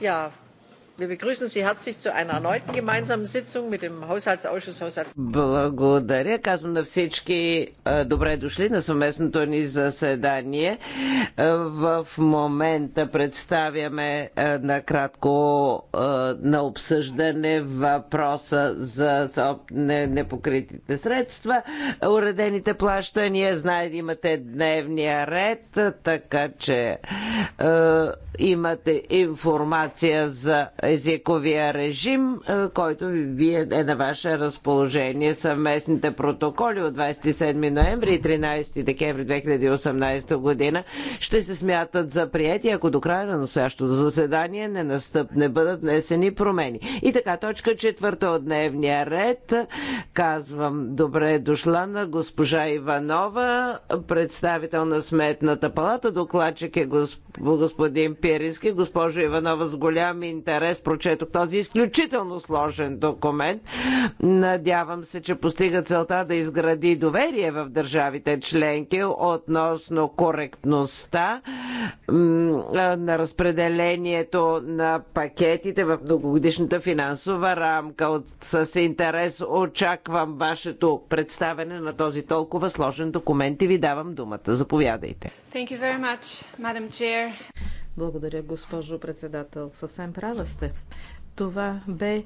Ja, Wir begrüßen Sie herzlich zu einer erneuten gemeinsamen Sitzung mit dem Haushaltsausschuss Haushalts. Благодаря, казвам на всички добре дошли на съвместното ни заседание. В момента представяме накратко на обсъждане въпроса за непокритите средства, уредените плащания. Знаете, имате дневния ред, така че имате информация за езиковия режим, е, който ви е на ваше разположение. Съвместните протоколи от 27 ноември и 13 декември 2018 година ще се смятат за прияти, ако до края на настоящото заседание не, настъп, не бъдат внесени промени. И така, точка четвърта от дневния ред. Казвам, добре дошла на госпожа Иванова, представител на Сметната палата. Докладчик е госп... господин Пирински. Госпожо Иванова, с голям интерес интерес прочетох този изключително сложен документ. Надявам се, че постига целта да изгради доверие в държавите членки относно коректността на разпределението на пакетите в многогодишната финансова рамка. С интерес очаквам вашето представене на този толкова сложен документ и ви давам думата. Заповядайте. Thank you very much, Madam Chair. Благодаря, госпожо председател. Съвсем права сте. Това бе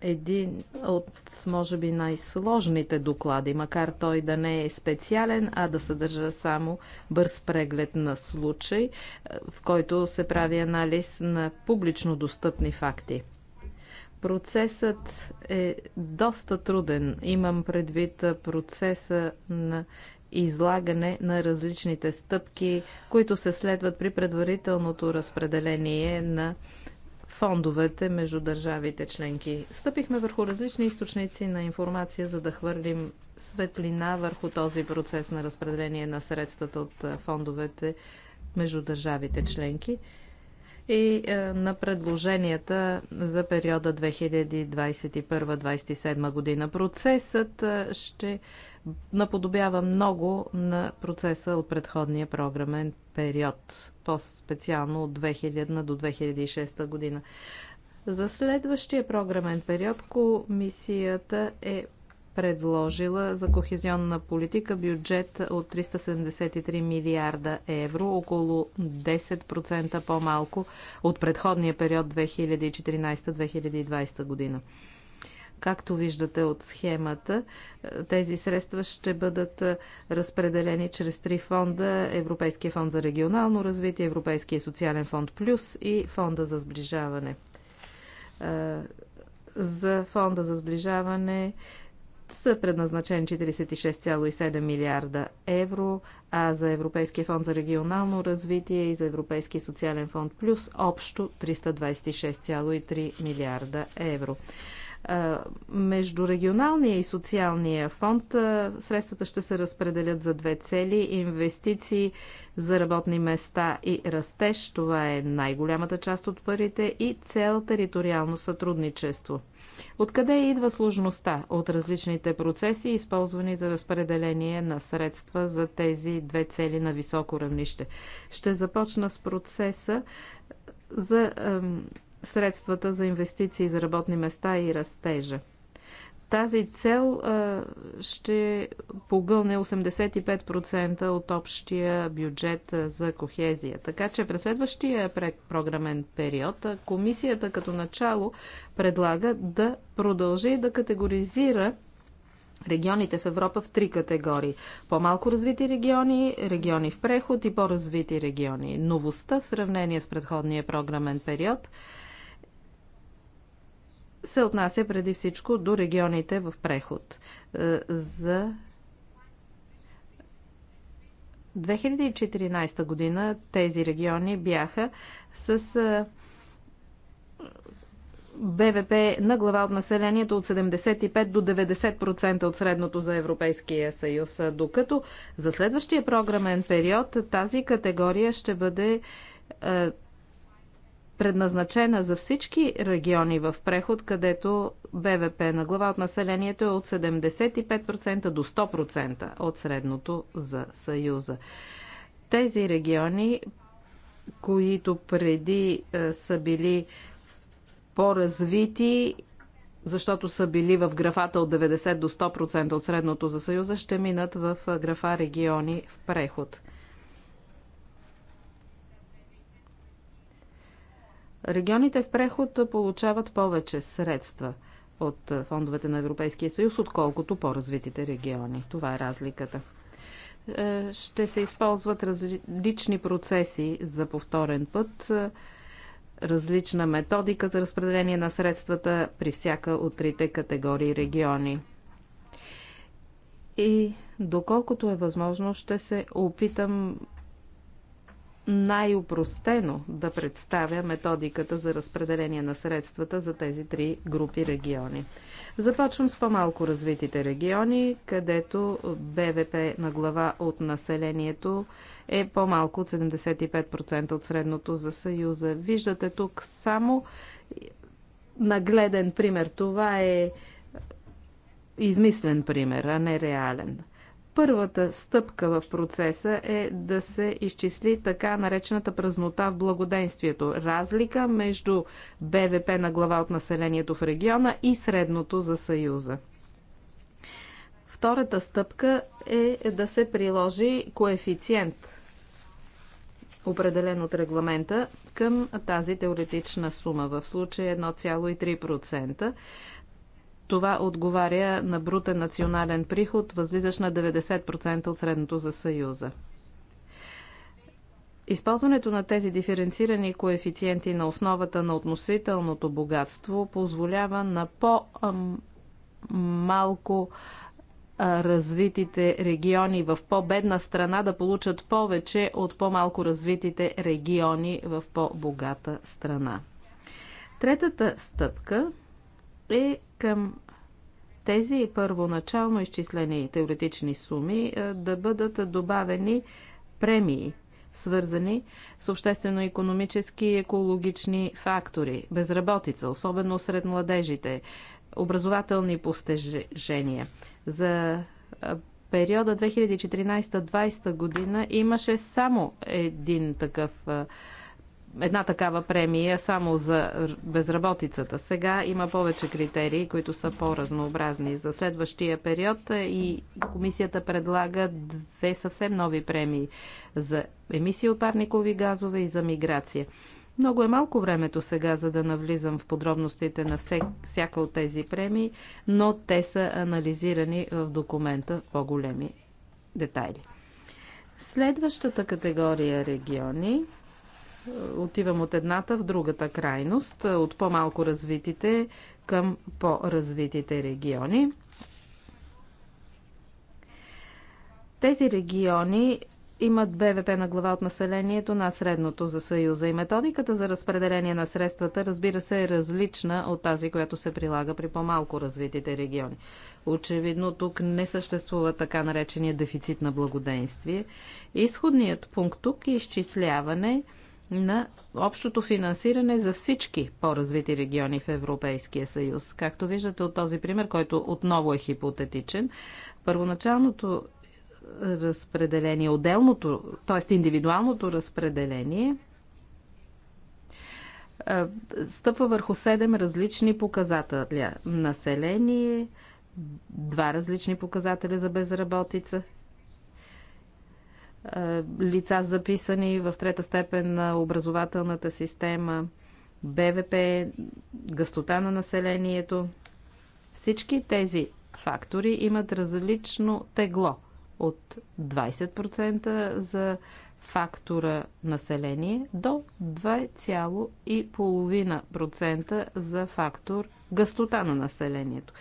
един от, може би, най-сложните доклади, макар той да не е специален, а да съдържа само бърз преглед на случай, е, в който се прави анализ на публично достъпни факти. Процесът е доста труден. Имам предвид процеса на излагане на различните стъпки, които се следват при предварителното разпределение на фондовете между държавите членки. Стъпихме върху различни източници на информация, за да хвърлим светлина върху този процес на разпределение на средствата от фондовете между държавите членки и е, на предложенията за периода 2021-2027 година. Процесът е, ще наподобява много на процеса от предходния програмен период, по-специално от 2000 до 2006 година. За следващия програмен период комисията е предложила за кохезионна политика бюджет от 373 милиарда евро, около 10% по-малко от предходния период 2014-2020 година. Както виждате от схемата, тези средства ще бъдат разпределени чрез три фонда Европейския фонд за регионално развитие, Европейския социален фонд Плюс и Фонда за сближаване. Е, за Фонда за сближаване са предназначени 46,7 милиарда евро, а за Европейския фонд за регионално развитие и за Европейския социален фонд плюс общо 326,3 милиарда евро. Между регионалния и социалния фонд средствата ще се разпределят за две цели инвестиции за работни места и растеж. Това е най-голямата част от парите и цел териториално сътрудничество – Откъде идва сложността от различните процеси, използвани за разпределение на средства за тези две цели на високо равнище? Ще започна с процеса за средствата за инвестиции за работни места и растежа. Тази цел ще погълне 85% от общия бюджет за кохезия. Така че през следващия програмен период комисията като начало предлага да продължи да категоризира регионите в Европа в три категории. По-малко развити региони, региони в преход и по-развити региони. Новостта в сравнение с предходния програмен период – се отнася преди всичко до регионите в преход. Е, за 2014 година тези региони бяха с е, БВП на глава от населението от 75 до 90% от средното за Европейския съюз, докато за следващия програмен период тази категория ще бъде е, предназначена за всички региони в преход, където БВП на глава от населението е от 75% до 100% от средното за Съюза. Тези региони, които преди е, са били по-развити, защото са били в графата от 90 до 100% от средното за Съюза, ще минат в е, графа региони в преход. Регионите в преход получават повече средства от фондовете на Европейския съюз, отколкото по-развитите региони. Това е разликата. Е, ще се използват различни процеси за повторен път, е, различна методика за разпределение на средствата при всяка от трите категории региони. И доколкото е възможно, ще се опитам най-упростено да представя методиката за разпределение на средствата за тези три групи региони. Започвам с по-малко развитите региони, където БВП на глава от населението е по-малко от 75% от средното за Съюза. Виждате тук само нагледен пример. Това е измислен пример, а не реален. Първата стъпка в процеса е да се изчисли така наречената празнота в благоденствието разлика между БВП на глава от населението в региона и средното за Съюза. Втората стъпка е да се приложи коефициент, определен от регламента, към тази теоретична сума, в случая 1,3%. Е това отговаря на брутен национален приход, възлизащ на 90% от средното за Съюза. Използването на тези диференцирани коефициенти на основата на относителното богатство позволява на по-малко развитите региони в по-бедна страна да получат повече от по-малко развитите региони в по-богата страна. Третата стъпка е към тези първоначално изчислени теоретични суми е, да бъдат добавени премии, свързани с обществено-економически и екологични фактори, безработица, особено сред младежите, образователни постижения. За е, периода 2014-2020 година имаше само един такъв е, една такава премия само за безработицата. Сега има повече критерии, които са по-разнообразни. За следващия период е, и комисията предлага две съвсем нови премии за емисии от парникови газове и за миграция. Много е малко времето сега, за да навлизам в подробностите на всяка от тези премии, но те са анализирани в документа в по-големи детайли. Следващата категория региони отивам от едната в другата крайност, от по-малко развитите към по-развитите региони. Тези региони имат БВП на глава от населението на средното за Съюза и методиката за разпределение на средствата, разбира се, е различна от тази, която се прилага при по-малко развитите региони. Очевидно тук не съществува така наречения дефицит на благоденствие. Изходният пункт тук е изчисляване – на общото финансиране за всички по-развити региони в Европейския съюз. Както виждате от този пример, който отново е хипотетичен, първоначалното разпределение, отделното, т.е. индивидуалното разпределение стъпва върху 7 различни показателя. Население, два различни показателя за безработица е, лица записани в трета степен на образователната система, БВП, гъстота на населението. Всички тези фактори имат различно тегло от 20% за фактора население до 2,5% за фактор гъстота на населението.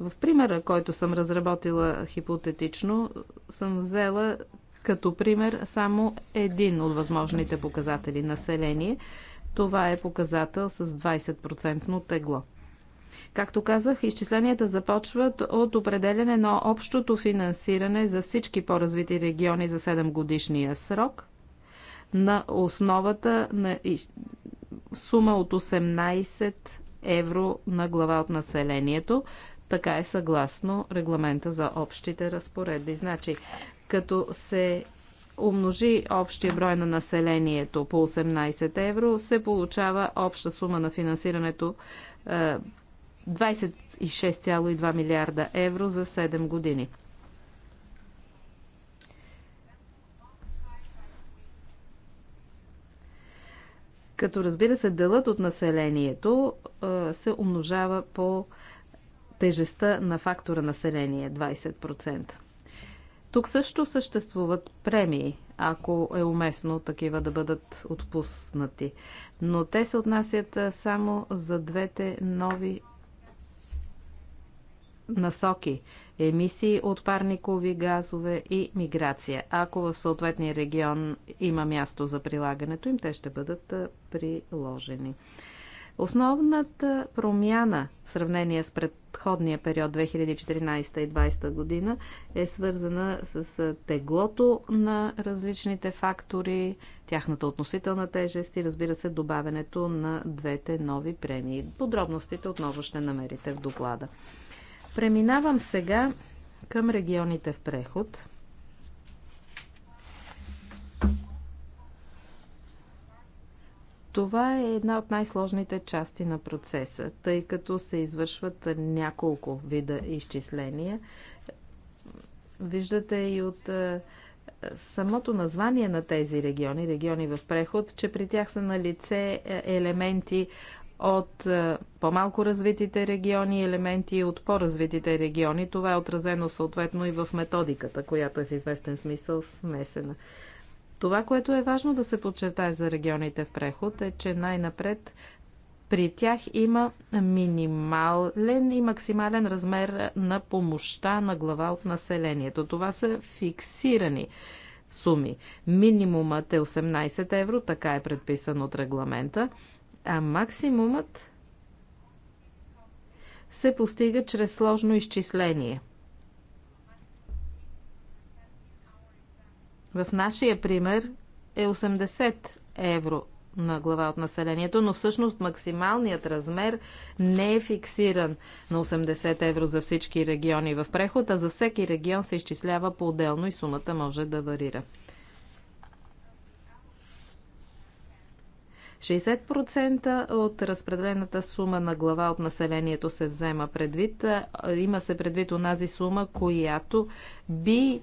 В примера, който съм разработила хипотетично, съм взела като пример, само един от възможните показатели население. Това е показател с 20% тегло. Както казах, изчисленията започват от определене на общото финансиране за всички по-развити региони за 7 годишния срок на основата на сума от 18 евро на глава от населението. Така е съгласно регламента за общите разпоредби. Значи, като се умножи общия брой на населението по 18 евро, се получава обща сума на финансирането 26,2 е, милиарда евро за 7 години. Като разбира се, делът от населението е, се умножава по тежестта на фактора население 20%. Тук също съществуват премии, ако е уместно такива да бъдат отпуснати. Но те се отнасят само за двете нови насоки емисии от парникови газове и миграция. Ако в съответния регион има място за прилагането им, те ще бъдат приложени. Основната промяна в сравнение с предходния период 2014 и 2020 година е свързана с теглото на различните фактори, тяхната относителна тежест и разбира се добавянето на двете нови премии. Подробностите отново ще намерите в доклада. Преминавам сега към регионите в преход – Това е една от най-сложните части на процеса, тъй като се извършват няколко вида изчисления. Виждате и от е, самото название на тези региони, региони в преход, че при тях са на лице е, елементи от е, по-малко развитите региони, елементи от по-развитите региони. Това е отразено съответно и в методиката, която е в известен смисъл смесена. Това, което е важно да се подчертае за регионите в преход е, че най-напред при тях има минимален и максимален размер на помощта на глава от населението. Това са фиксирани суми. Минимумът е 18 евро, така е предписан от регламента, а максимумът се постига чрез сложно изчисление – В нашия пример е 80 евро на глава от населението, но всъщност максималният размер не е фиксиран на 80 евро за всички региони в преход, а за всеки регион се изчислява по-отделно и сумата може да варира. 60% от разпределената сума на глава от населението се взема предвид. Има се предвид онази сума, която би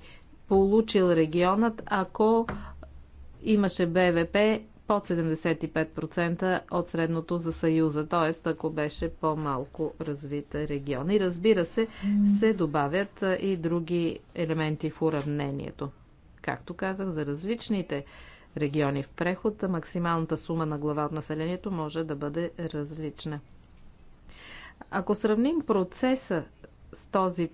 получил регионът, ако имаше БВП под 75% от средното за Съюза, т.е. ако беше по-малко развит регион. И разбира се, се добавят и други елементи в уравнението. Както казах, за различните региони в преход, максималната сума на глава от населението може да бъде различна. Ако сравним процеса с този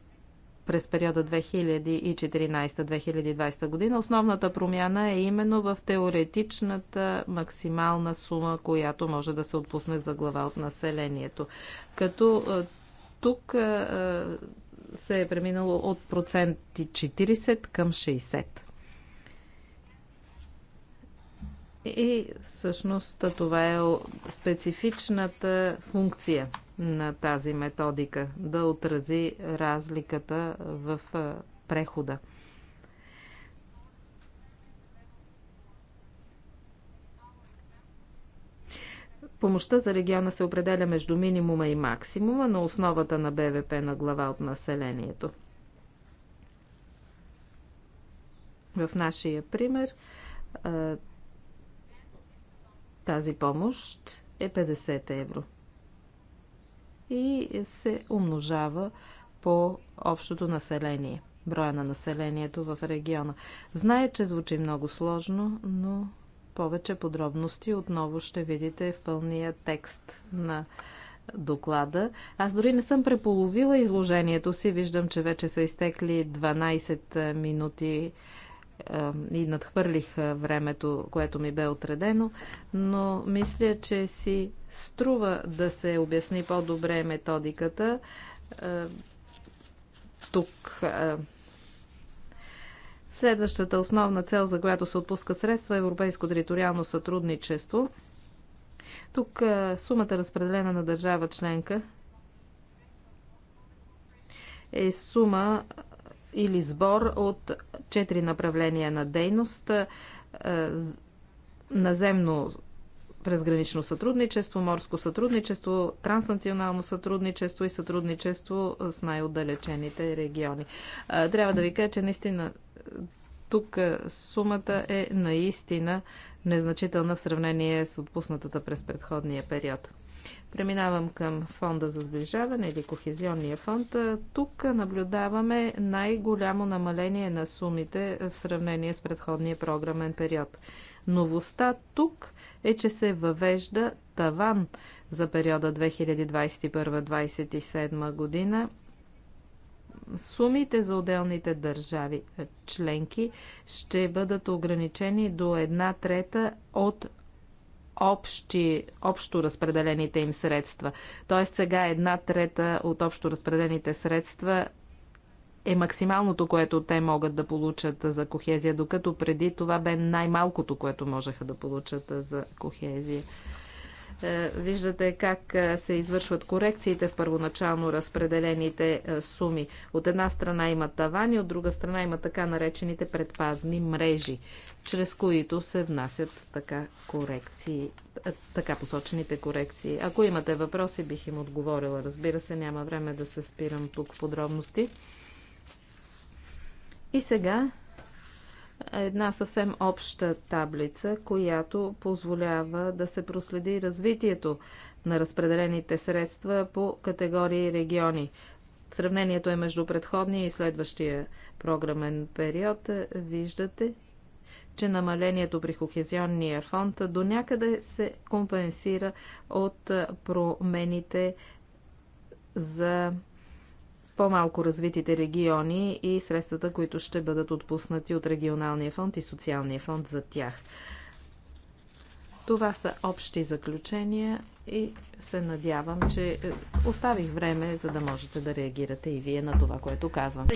през периода 2014-2020 година. Основната промяна е именно в теоретичната максимална сума, която може да се отпусне за глава от населението. Като тук се е преминало от проценти 40 към 60. И всъщност това е специфичната функция на тази методика, да отрази разликата в прехода. Помощта за региона се определя между минимума и максимума на основата на БВП на глава от населението. В нашия пример тази помощ е 50 евро и се умножава по общото население, броя на населението в региона. Знае, че звучи много сложно, но повече подробности отново ще видите в пълния текст на доклада. Аз дори не съм преполовила изложението си. Виждам, че вече са изтекли 12 минути и надхвърлих времето, което ми бе отредено, но мисля, че си струва да се обясни по-добре методиката. Тук Следващата основна цел, за която се отпуска средства, е европейско териториално сътрудничество. Тук сумата, разпределена на държава членка, е сума, или сбор от четири направления на дейност наземно презгранично сътрудничество, морско сътрудничество, транснационално сътрудничество и сътрудничество с най-отдалечените региони. Трябва да ви кажа, че наистина тук сумата е наистина незначителна в сравнение с отпуснатата през предходния период. Преминавам към фонда за сближаване или кохезионния фонд. Тук наблюдаваме най-голямо намаление на сумите в сравнение с предходния програмен период. Новостта тук е, че се въвежда таван за периода 2021-2027 година. Сумите за отделните държави членки ще бъдат ограничени до една трета от общи, общо разпределените им средства. Тоест сега една трета от общо разпределените средства е максималното, което те могат да получат за кохезия, докато преди това бе най-малкото, което можеха да получат за кохезия. Е, виждате как е, се извършват корекциите в първоначално разпределените е, суми. От една страна има тавани, от друга страна има така наречените предпазни мрежи, чрез които се внасят така, корекции, така посочените корекции. Ако имате въпроси, бих им отговорила. Разбира се, няма време да се спирам тук в подробности. И сега една съвсем обща таблица, която позволява да се проследи развитието на разпределените средства по категории региони. Сравнението е между предходния и следващия програмен период. Виждате, че намалението при Кохезионния фонд до някъде се компенсира от промените за по-малко развитите региони и средствата, които ще бъдат отпуснати от регионалния фонд и социалния фонд за тях. Това са общи заключения и се надявам, че е, оставих време, за да можете да реагирате и вие на това, което казвам.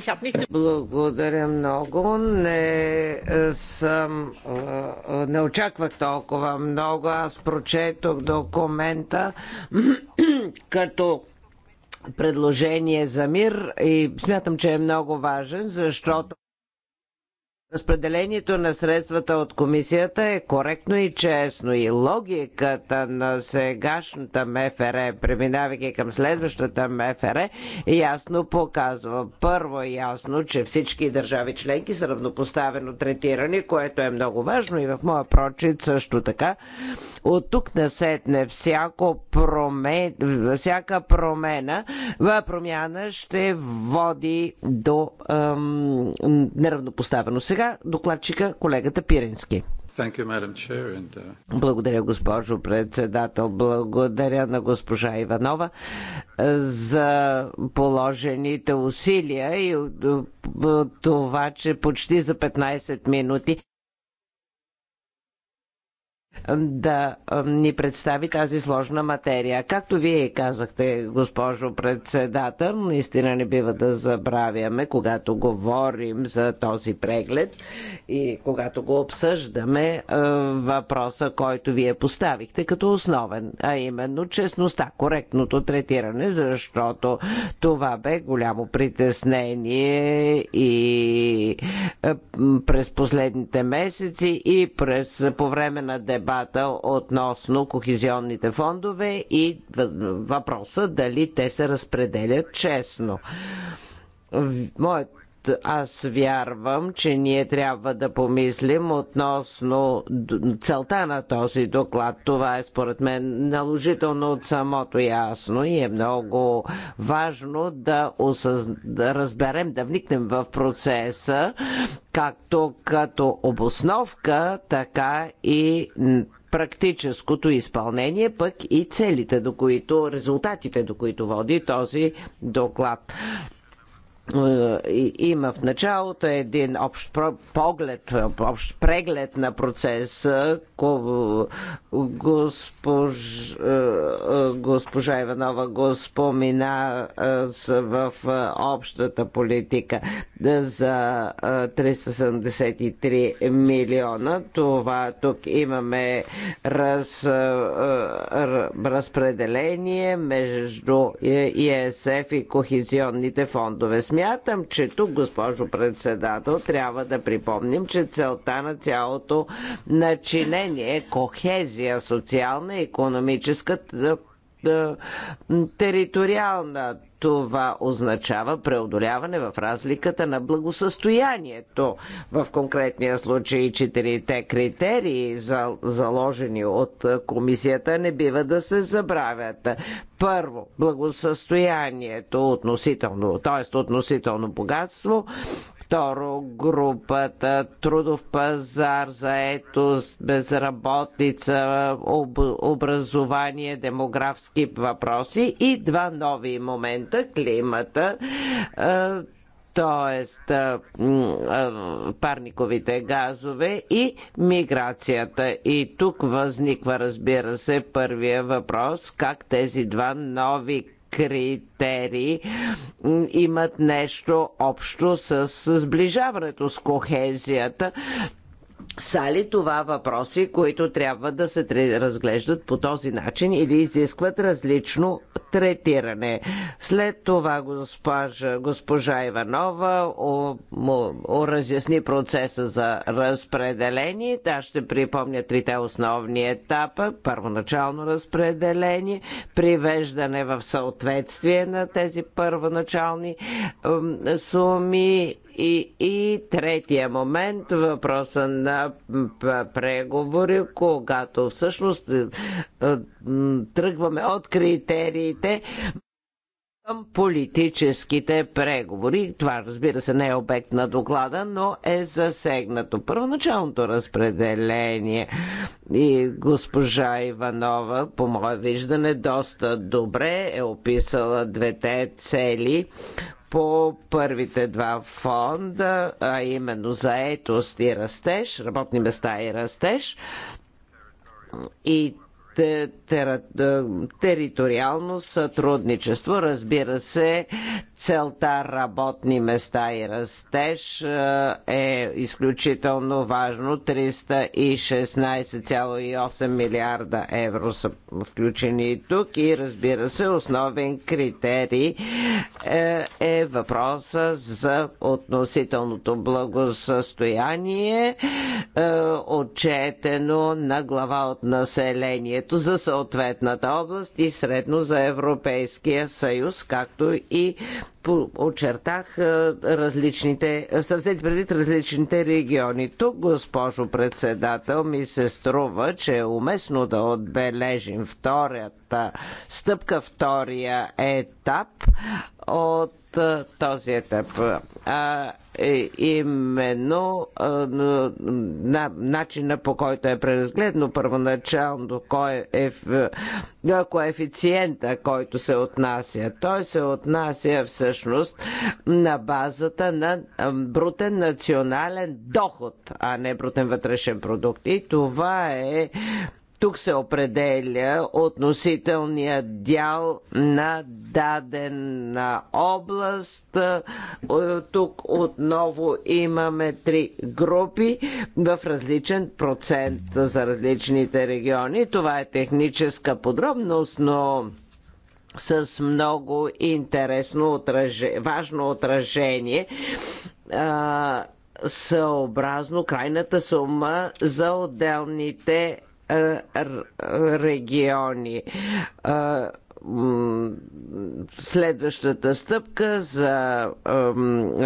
Благодаря много. Не е, съм... Е, не очаквах толкова много. Аз прочетох документа като предложение за мир и смятам, че е много важен, защото Разпределението на средствата от комисията е коректно и честно и логиката на сегашната МФР, преминавайки към следващата МФР, ясно показва. Първо е ясно, че всички държави членки са равнопоставено третирани, което е много важно и в моя прочит също така. От тук насетне всяко промен, всяка промена, промяна ще води до ам, неравнопоставено. Сега сега докладчика колегата Пирински. Uh, Благодаря, госпожо председател. Благодаря на госпожа Иванова е, за положените усилия и е, е, това, че почти за 15 минути да ни представи тази сложна материя. Както вие казахте, госпожо председател, наистина не бива да забравяме, когато говорим за този преглед и когато го обсъждаме, въпроса, който вие поставихте като основен, а именно честността, коректното третиране, защото това бе голямо притеснение и през последните месеци и през по време на дебата дебата относно кохезионните фондове и въпроса дали те се разпределят честно. Моят аз вярвам, че ние трябва да помислим относно целта на този доклад. Това е според мен наложително от самото ясно и е много важно да, осъз... да разберем, да вникнем в процеса, както като обосновка, така и практическото изпълнение, пък и целите, до които, резултатите, до които води този доклад. Е, има в началото един общ поглед, общ преглед на процеса. Госпож, е, е, госпожа Иванова го спомина в общата политика за 373 милиона. Това тук имаме раз, разпределение между ИСФ и кохезионните фондове Смятам, че тук, госпожо председател, трябва да припомним, че целта на цялото начинение е кохезия, социална и економическа териториална. Това означава преодоляване в разликата на благосъстоянието. В конкретния случай четирите критерии, заложени от комисията, не бива да се забравят. Първо, благосъстоянието относително, т.е. относително богатство, Второ, групата трудов пазар, заетост, безработица, об, образование, демографски въпроси и два нови момента климата. т.е. парниковите газове и миграцията. И тук възниква, разбира се, първия въпрос, как тези два нови критерии имат нещо общо с сближаването с кохезията. Са ли това въпроси, които трябва да се разглеждат по този начин или изискват различно третиране? След това госпожа, госпожа Иванова о, о, о, разясни процеса за разпределение. Та ще припомня трите основни етапа. Първоначално разпределение, привеждане в съответствие на тези първоначални суми и, и третия момент, въпроса на преговори, когато всъщност е, е, тръгваме от критериите към политическите преговори. Това, разбира се, не е обект на доклада, но е засегнато. Първоначалното разпределение и госпожа Иванова, по мое виждане, доста добре е описала двете цели по първите два фонда, а именно заетост и растеж, работни места и растеж. И е, териториално сътрудничество. Разбира се, целта работни места и растеж е, е изключително важно. 316,8 милиарда евро са включени и тук и разбира се основен критерий е, е въпроса за относителното благосъстояние е, отчетено на глава от населението за съответната област и средно за Европейския съюз, както и очертах различните, са взети предвид различните региони. Тук, госпожо председател, ми се струва, че е уместно да отбележим вторият първата стъпка, втория етап от този етап. А, е, именно а, на, начина по който е преразгледно първоначално, кой е, е коефициента, който се отнася. Той се отнася всъщност на базата на брутен национален доход, а не брутен вътрешен продукт. И това е тук се определя относителният дял на дадена област. Е, тук отново имаме три групи в различен процент за различните региони. Това е техническа подробност, но с много интересно важно отражение е, съобразно крайната сума за отделните е, региони е, следващата стъпка за е,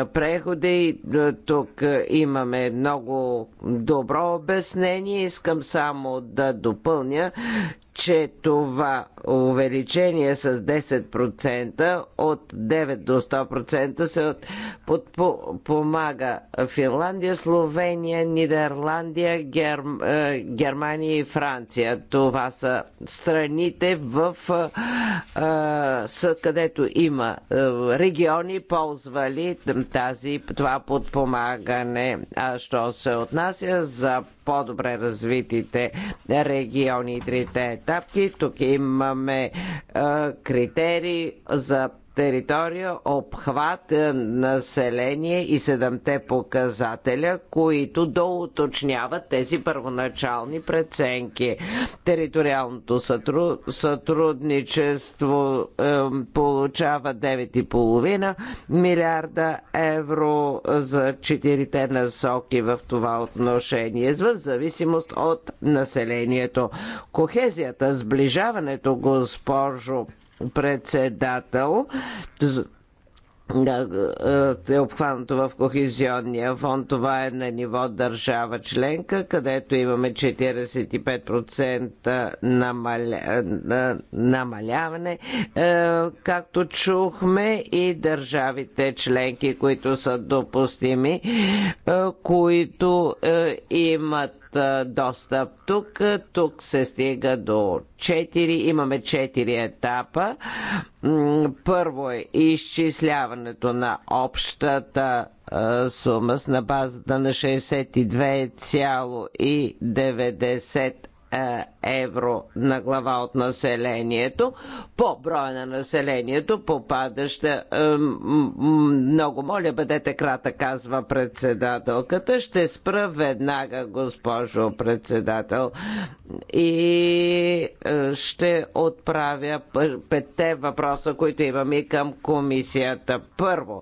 преходи. Тук имаме много добро обяснение. Искам само да допълня, че това увеличение с 10% от 9 до 100% се подпомага Финландия, Словения, Нидерландия, Герм... Е, Германия и Франция. Това са страните в е, където има е, региони ползвали тази, това подпомагане. А що се отнася за по-добре развитите региони и трите етапки. Тук имаме критерии за територия, обхват, е, население и седемте показателя, които доуточняват тези първоначални преценки. Териториалното сътру... сътрудничество е, получава 9,5 милиарда евро за четирите насоки в това отношение, в зависимост от населението. Кохезията, сближаването, госпожо председател е, е обхванато в Кохизионния фонд. Това е на ниво държава членка, където имаме 45% намаля... намаляване, е, както чухме, и държавите членки, които са допустими, е, които имат достъп тук. Тук се стига до 4. Имаме 4 етапа. Първо е изчисляването на общата сума на базата на 62,90 е, евро на глава от населението. По броя на населението попадаща. Е, много моля, бъдете крата, казва председателката. Ще спра веднага, госпожо председател. И е, ще отправя петте въпроса, които имам и към комисията. Първо,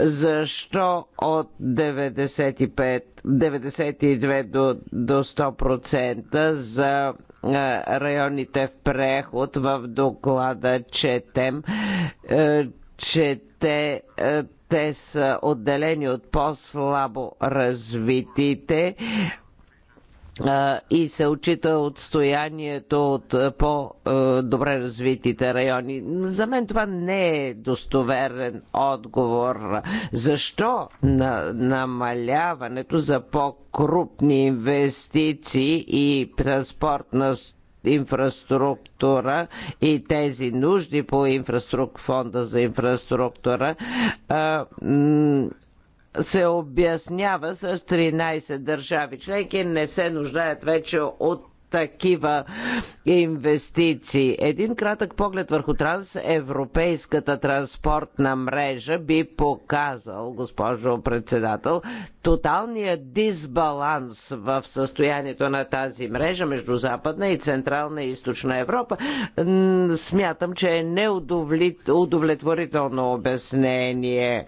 защо от 95, 92 до, до 100% за за районите в преход в доклада четем, че те, те са отделени от по-слабо развитите и се отчита отстоянието от по-добре развитите райони. За мен това не е достоверен отговор. Защо на намаляването за по-крупни инвестиции и транспортна инфраструктура и тези нужди по инфраструк... фонда за инфраструктура а, се обяснява с 13 държави членки, не се нуждаят вече от такива инвестиции. Един кратък поглед върху трансевропейската транспортна мрежа би показал, госпожо председател, тоталния дисбаланс в състоянието на тази мрежа между Западна и Централна и Източна Европа, смятам, че е неудовлетворително обяснение.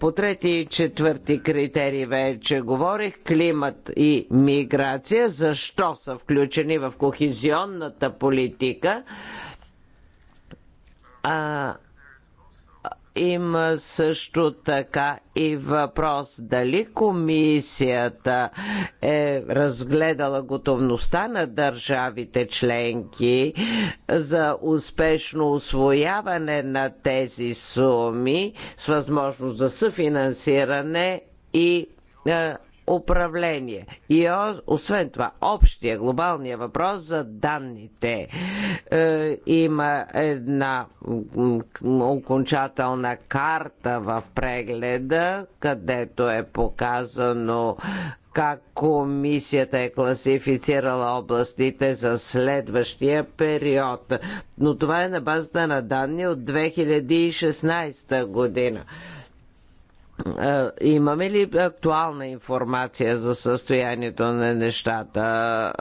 По трети и четвърти критерии вече говорих климат и миграция. Защо са включени в кохезионната политика? А, има също така и въпрос дали комисията е разгледала готовността на държавите членки за успешно освояване на тези суми с възможност за съфинансиране и е, управление. И освен това, общия глобалния въпрос за данните. Е, има една окончателна карта в прегледа, където е показано как комисията е класифицирала областите за следващия период. Но това е на базата на данни от 2016 година. Е, имаме ли актуална информация за състоянието на нещата?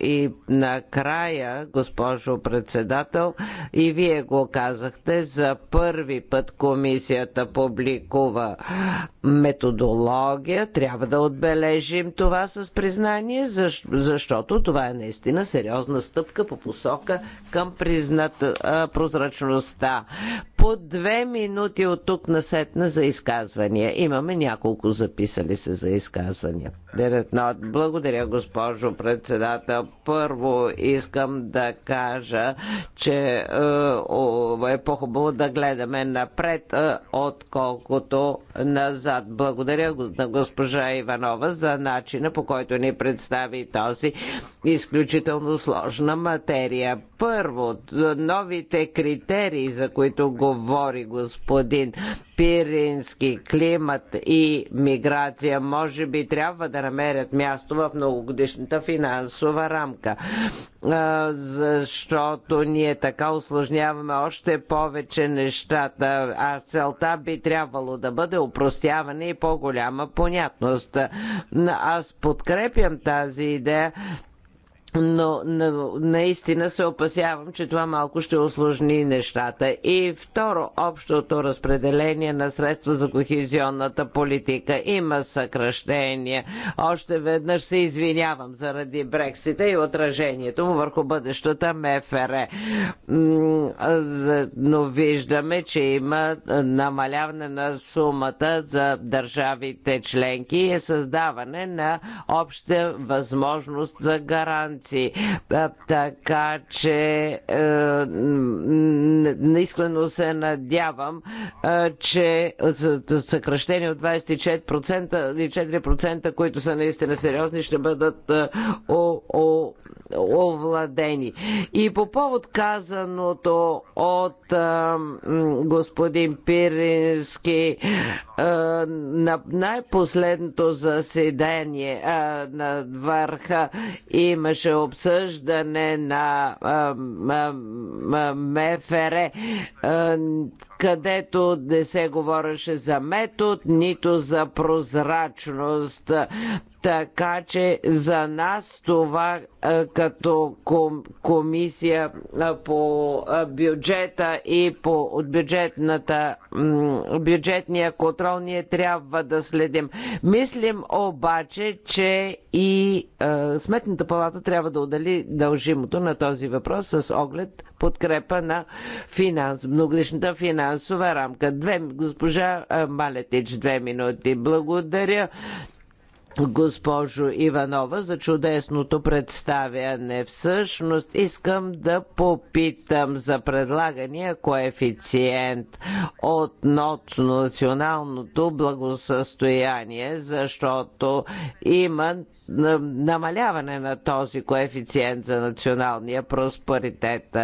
И накрая, госпожо председател, и вие го казахте, за първи път комисията публикува методология. Трябва да отбележим това с признание, защото това е наистина сериозна стъпка по посока към призната прозрачността. По две минути от тук насетна за изказвания. Имаме няколко записали се за изказвания. Благодаря, госпожо председател. Първо искам да кажа, че е, е по-хубаво да гледаме напред, е, отколкото назад. Благодаря на госпожа Иванова за начина по който ни представи този изключително сложна материя. Първо, новите критерии, за които говори господин Пирин, истински климат и миграция може би трябва да намерят място в многогодишната финансова рамка. Защото ние така осложняваме още повече нещата, а целта би трябвало да бъде упростяване и по-голяма понятност. Аз подкрепям тази идея но наистина се опасявам, че това малко ще осложни нещата. И второ, общото разпределение на средства за кохезионната политика. Има съкръщения. Още веднъж се извинявам заради Брексита и отражението му върху бъдещата МФР. Но виждаме, че има намаляване на сумата за държавите членки и е създаване на обща възможност за гарантия. Франци. Така че е, наискрено се надявам, че съкръщение от 24% и 4%, които са наистина сериозни, ще бъдат е, о, о, овладени. И по повод казаното от а, е, господин Пирински а, на най-последното заседание а, на върха имаше имаше обсъждане на МФР, където не се говореше за метод, нито за прозрачност. Така че за нас това като комисия по бюджета и по от бюджетната, бюджетния контрол ние трябва да следим. Мислим обаче, че и Сметната палата трябва да удали дължимото на този въпрос с оглед подкрепа на финанс, многогодишната финансова рамка. Две, госпожа Малетич, две минути. Благодаря госпожо Иванова, за чудесното представяне. Всъщност искам да попитам за предлагания коефициент относно националното благосъстояние, защото има намаляване на този коефициент за националния проспоритет.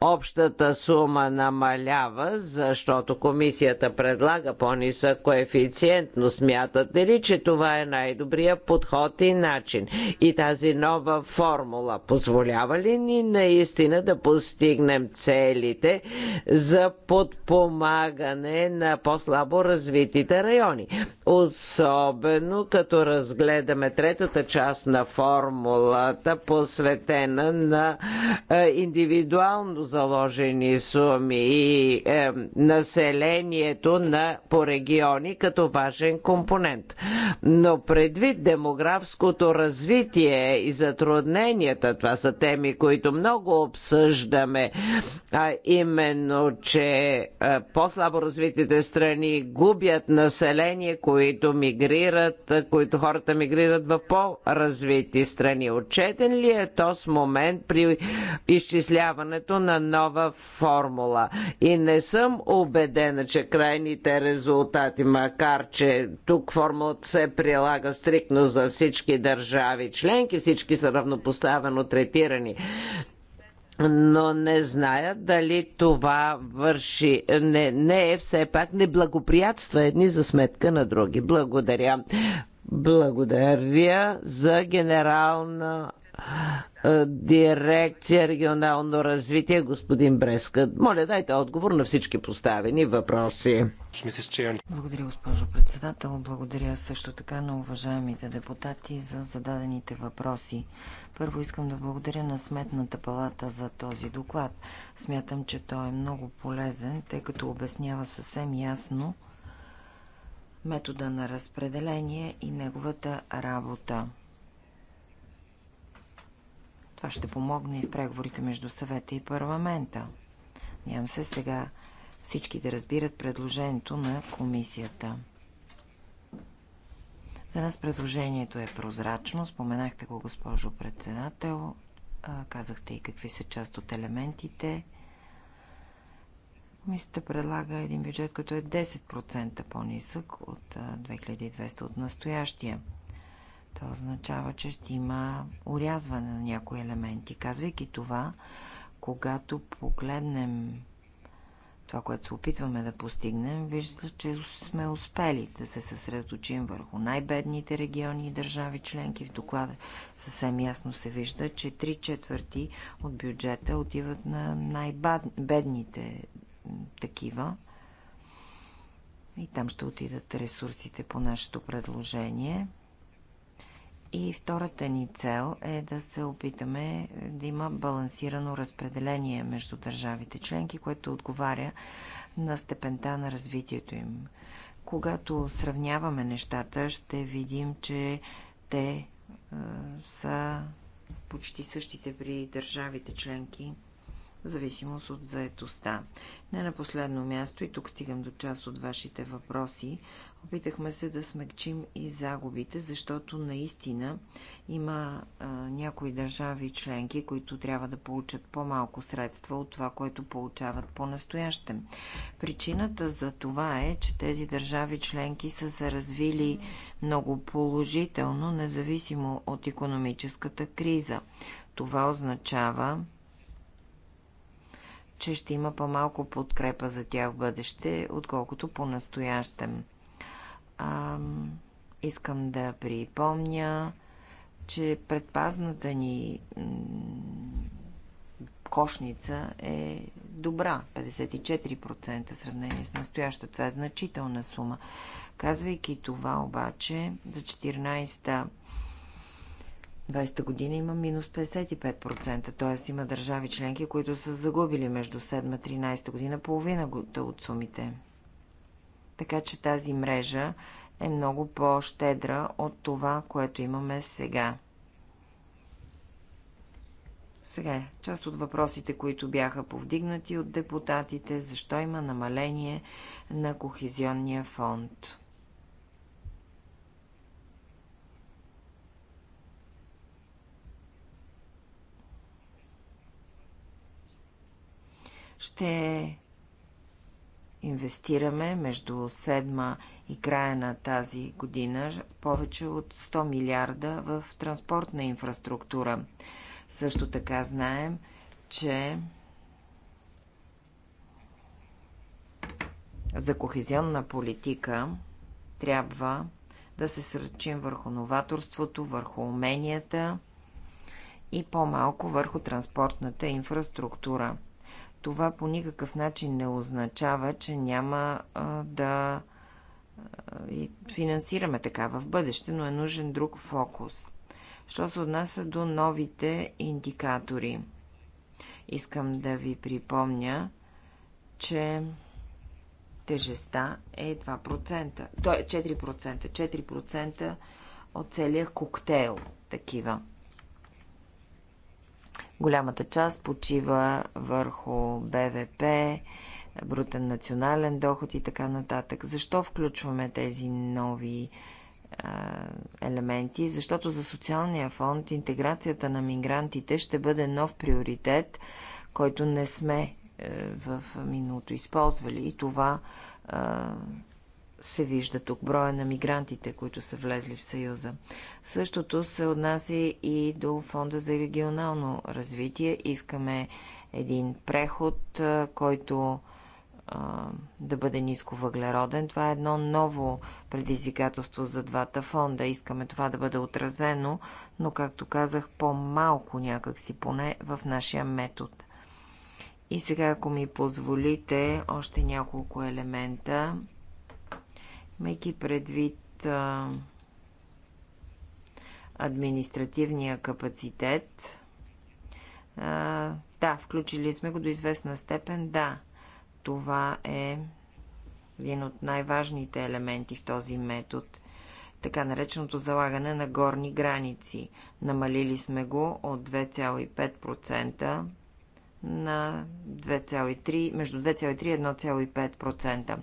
Общата сума намалява, защото комисията предлага по-нисък коефициент, но смятате ли, че това е най-добрия подход и начин? И тази нова формула позволява ли ни наистина да постигнем целите за подпомагане на по-слабо развитите райони? Особено като разгледаме третата втората част на формулата, посветена на е, индивидуално заложени суми и е, населението на, по региони като важен компонент. Но предвид демографското развитие и затрудненията, това са теми, които много обсъждаме, а именно, че е, по-слабо развитите страни губят население, които мигрират, които хората мигрират в по по-развити страни. Отчетен ли е то с момент при изчисляването на нова формула? И не съм убедена, че крайните резултати, макар че тук формулата се прилага стрикно за всички държави членки, всички са равнопоставено третирани но не зная дали това върши. Не, не е все пак, неблагоприятства едни за сметка на други. Благодаря. Благодаря за генерална дирекция регионално развитие, господин Бреска. Моля, дайте отговор на всички поставени въпроси. Благодаря, госпожо председател. Благодаря също така на уважаемите депутати за зададените въпроси. Първо искам да благодаря на Сметната палата за този доклад. Смятам, че той е много полезен, тъй като обяснява съвсем ясно метода на разпределение и неговата работа. Това ще помогне и в преговорите между съвета и парламента. Нямам се сега всички да разбират предложението на комисията. За нас предложението е прозрачно. Споменахте го, госпожо председател. Казахте и какви са част от елементите. Комисията предлага един бюджет, който е 10% по-нисък от 2200 от настоящия. То означава, че ще има урязване на някои елементи. Казвайки това, когато погледнем това, което се опитваме да постигнем, вижда, че сме успели да се съсредоточим върху най-бедните региони и държави членки. В доклада съвсем ясно се вижда, че три четвърти от бюджета отиват на най-бедните такива. И там ще отидат ресурсите по нашето предложение. И втората ни цел е да се опитаме да има балансирано разпределение между държавите членки, което отговаря на степента на развитието им. Когато сравняваме нещата, ще видим, че те е, са почти същите при държавите членки в зависимост от заетостта. Не на последно място, и тук стигам до част от вашите въпроси, опитахме се да смекчим и загубите, защото наистина има а, някои държави членки, които трябва да получат по-малко средства от това, което получават по-настоящем. Причината за това е, че тези държави членки са се развили много положително, независимо от економическата криза. Това означава, че ще има по-малко подкрепа за тях в бъдеще, отколкото по-настоящем. искам да припомня, че предпазната ни кошница е добра, 54% в сравнение с настояща. Това е значителна сума. Казвайки това обаче, за 14-та 2020 година има минус 55%, т.е. има държави членки, които са загубили между 7-13 година половината от сумите. Така че тази мрежа е много по-щедра от това, което имаме сега. Сега, е част от въпросите, които бяха повдигнати от депутатите, защо има намаление на Кохезионния фонд. ще инвестираме между седма и края на тази година повече от 100 милиарда в транспортна инфраструктура. Също така знаем, че за кохезионна политика трябва да се сръчим върху новаторството, върху уменията и по-малко върху транспортната инфраструктура това по никакъв начин не означава, че няма а, да и финансираме така в бъдеще, но е нужен друг фокус. Що се отнася до новите индикатори? Искам да ви припомня, че тежестта е 2%, то е 4%, 4% от целия коктейл такива. Голямата част почива върху БВП, брутен национален доход и така нататък. Защо включваме тези нови е, елементи, защото за социалния фонд интеграцията на мигрантите ще бъде нов приоритет, който не сме е, в миналото използвали и това е, се вижда тук броя на мигрантите, които са влезли в Съюза. Същото се отнася и до Фонда за регионално развитие. Искаме един преход, който а, да бъде ниско въглероден. Това е едно ново предизвикателство за двата фонда. Искаме това да бъде отразено, но, както казах, по-малко някакси поне в нашия метод. И сега, ако ми позволите, още няколко елемента Майки предвид а, административния капацитет, а, да, включили сме го до известна степен, да. Това е един от най-важните елементи в този метод така нареченото залагане на горни граници. Намалили сме го от 2,5% на 2,3, между 2,3 и 1,5%.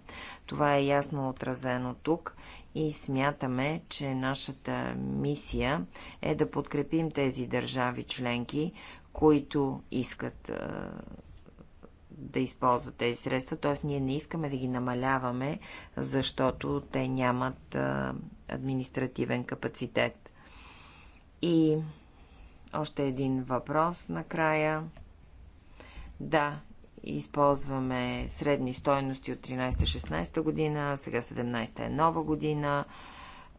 Това е ясно отразено тук и смятаме, че нашата мисия е да подкрепим тези държави членки, които искат да използват тези средства. Т.е. ние не искаме да ги намаляваме, защото те нямат административен капацитет. И още един въпрос накрая. Да, използваме средни стойности от 13-16 година, сега 17 е нова година.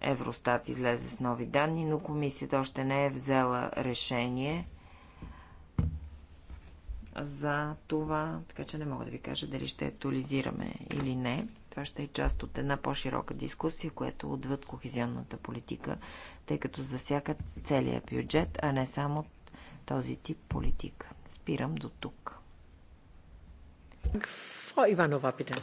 Евростат излезе с нови данни, но комисията още не е взела решение за това, така че не мога да ви кажа дали ще актуализираме или не. Това ще е част от една по-широка дискусия, която отвъд кохезионната политика, тъй като засяга целия бюджет, а не само този тип политика. Спирам до тук. Frau Ivanova, bitte.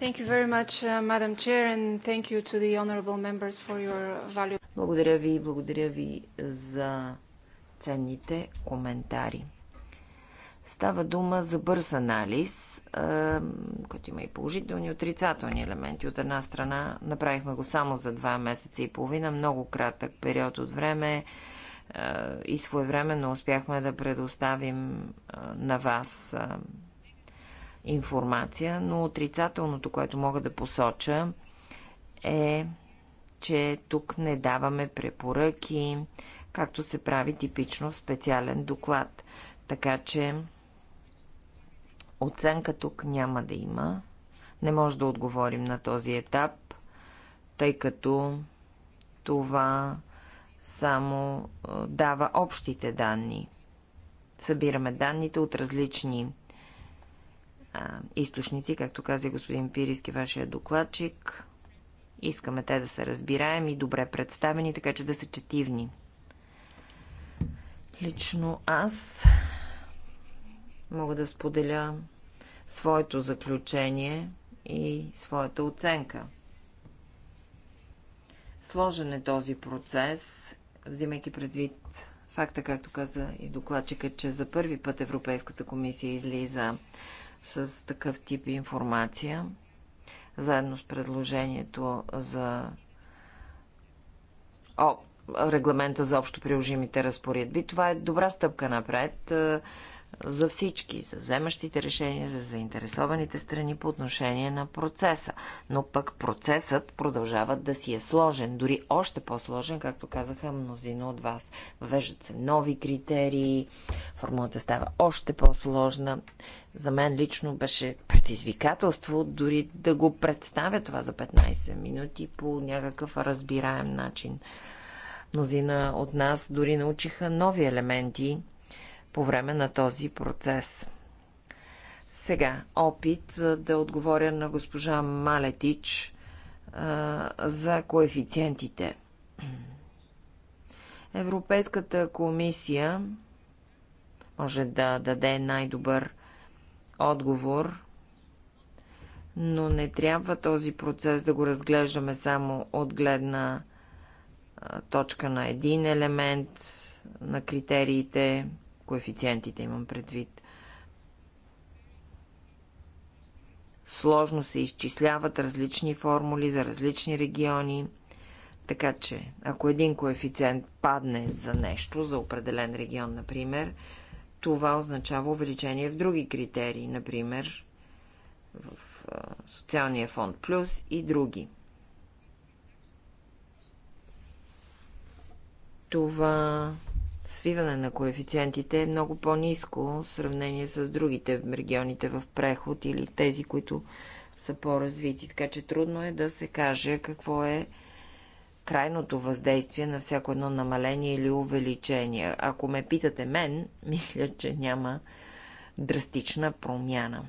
Thank you very much, uh, Madam Chair, and thank you to the honorable members for your value. Благодаря ви, благодаря ви за ценните коментари. Става дума за бърз анализ, който има и положителни и отрицателни елементи. От една страна направихме го само за два месеца и половина, много кратък период от време и своевременно успяхме да предоставим на вас информация, но отрицателното, което мога да посоча е, че тук не даваме препоръки, както се прави типично в специален доклад. Така че оценка тук няма да има. Не може да отговорим на този етап, тъй като това само дава общите данни. Събираме данните от различни а, източници, както каза господин Пириски, вашия докладчик. Искаме те да са разбираем и добре представени, така че да са четивни. Лично аз мога да споделя своето заключение и своята оценка. Сложен е този процес, взимайки предвид факта, както каза и докладчика, че за първи път Европейската комисия излиза с такъв тип информация, заедно с предложението за О, регламента за общо приложимите разпоредби. Това е добра стъпка напред е, за всички, за вземащите решения, за заинтересованите страни по отношение на процеса. Но пък процесът продължава да си е сложен, дори още по-сложен, както казаха мнозина от вас. Въвеждат се нови критерии, формулата става още по-сложна. За мен лично беше предизвикателство дори да го представя това за 15 минути по някакъв разбираем начин. Мнозина от нас дори научиха нови елементи по време на този процес. Сега опит да отговоря на госпожа Малетич а, за коефициентите. Европейската комисия може да даде най-добър отговор, но не трябва този процес да го разглеждаме само от гледна точка на един елемент, на критериите, коефициентите имам предвид. Сложно се изчисляват различни формули за различни региони. Така че, ако един коефициент падне за нещо, за определен регион, например, това означава увеличение в други критерии, например в социалния фонд плюс и други. Това свиване на коефициентите е много по-низко в сравнение с другите регионите в преход или тези, които са по-развити. Така че трудно е да се каже какво е крайното въздействие на всяко едно намаление или увеличение. Ако ме питате мен, мисля, че няма драстична промяна.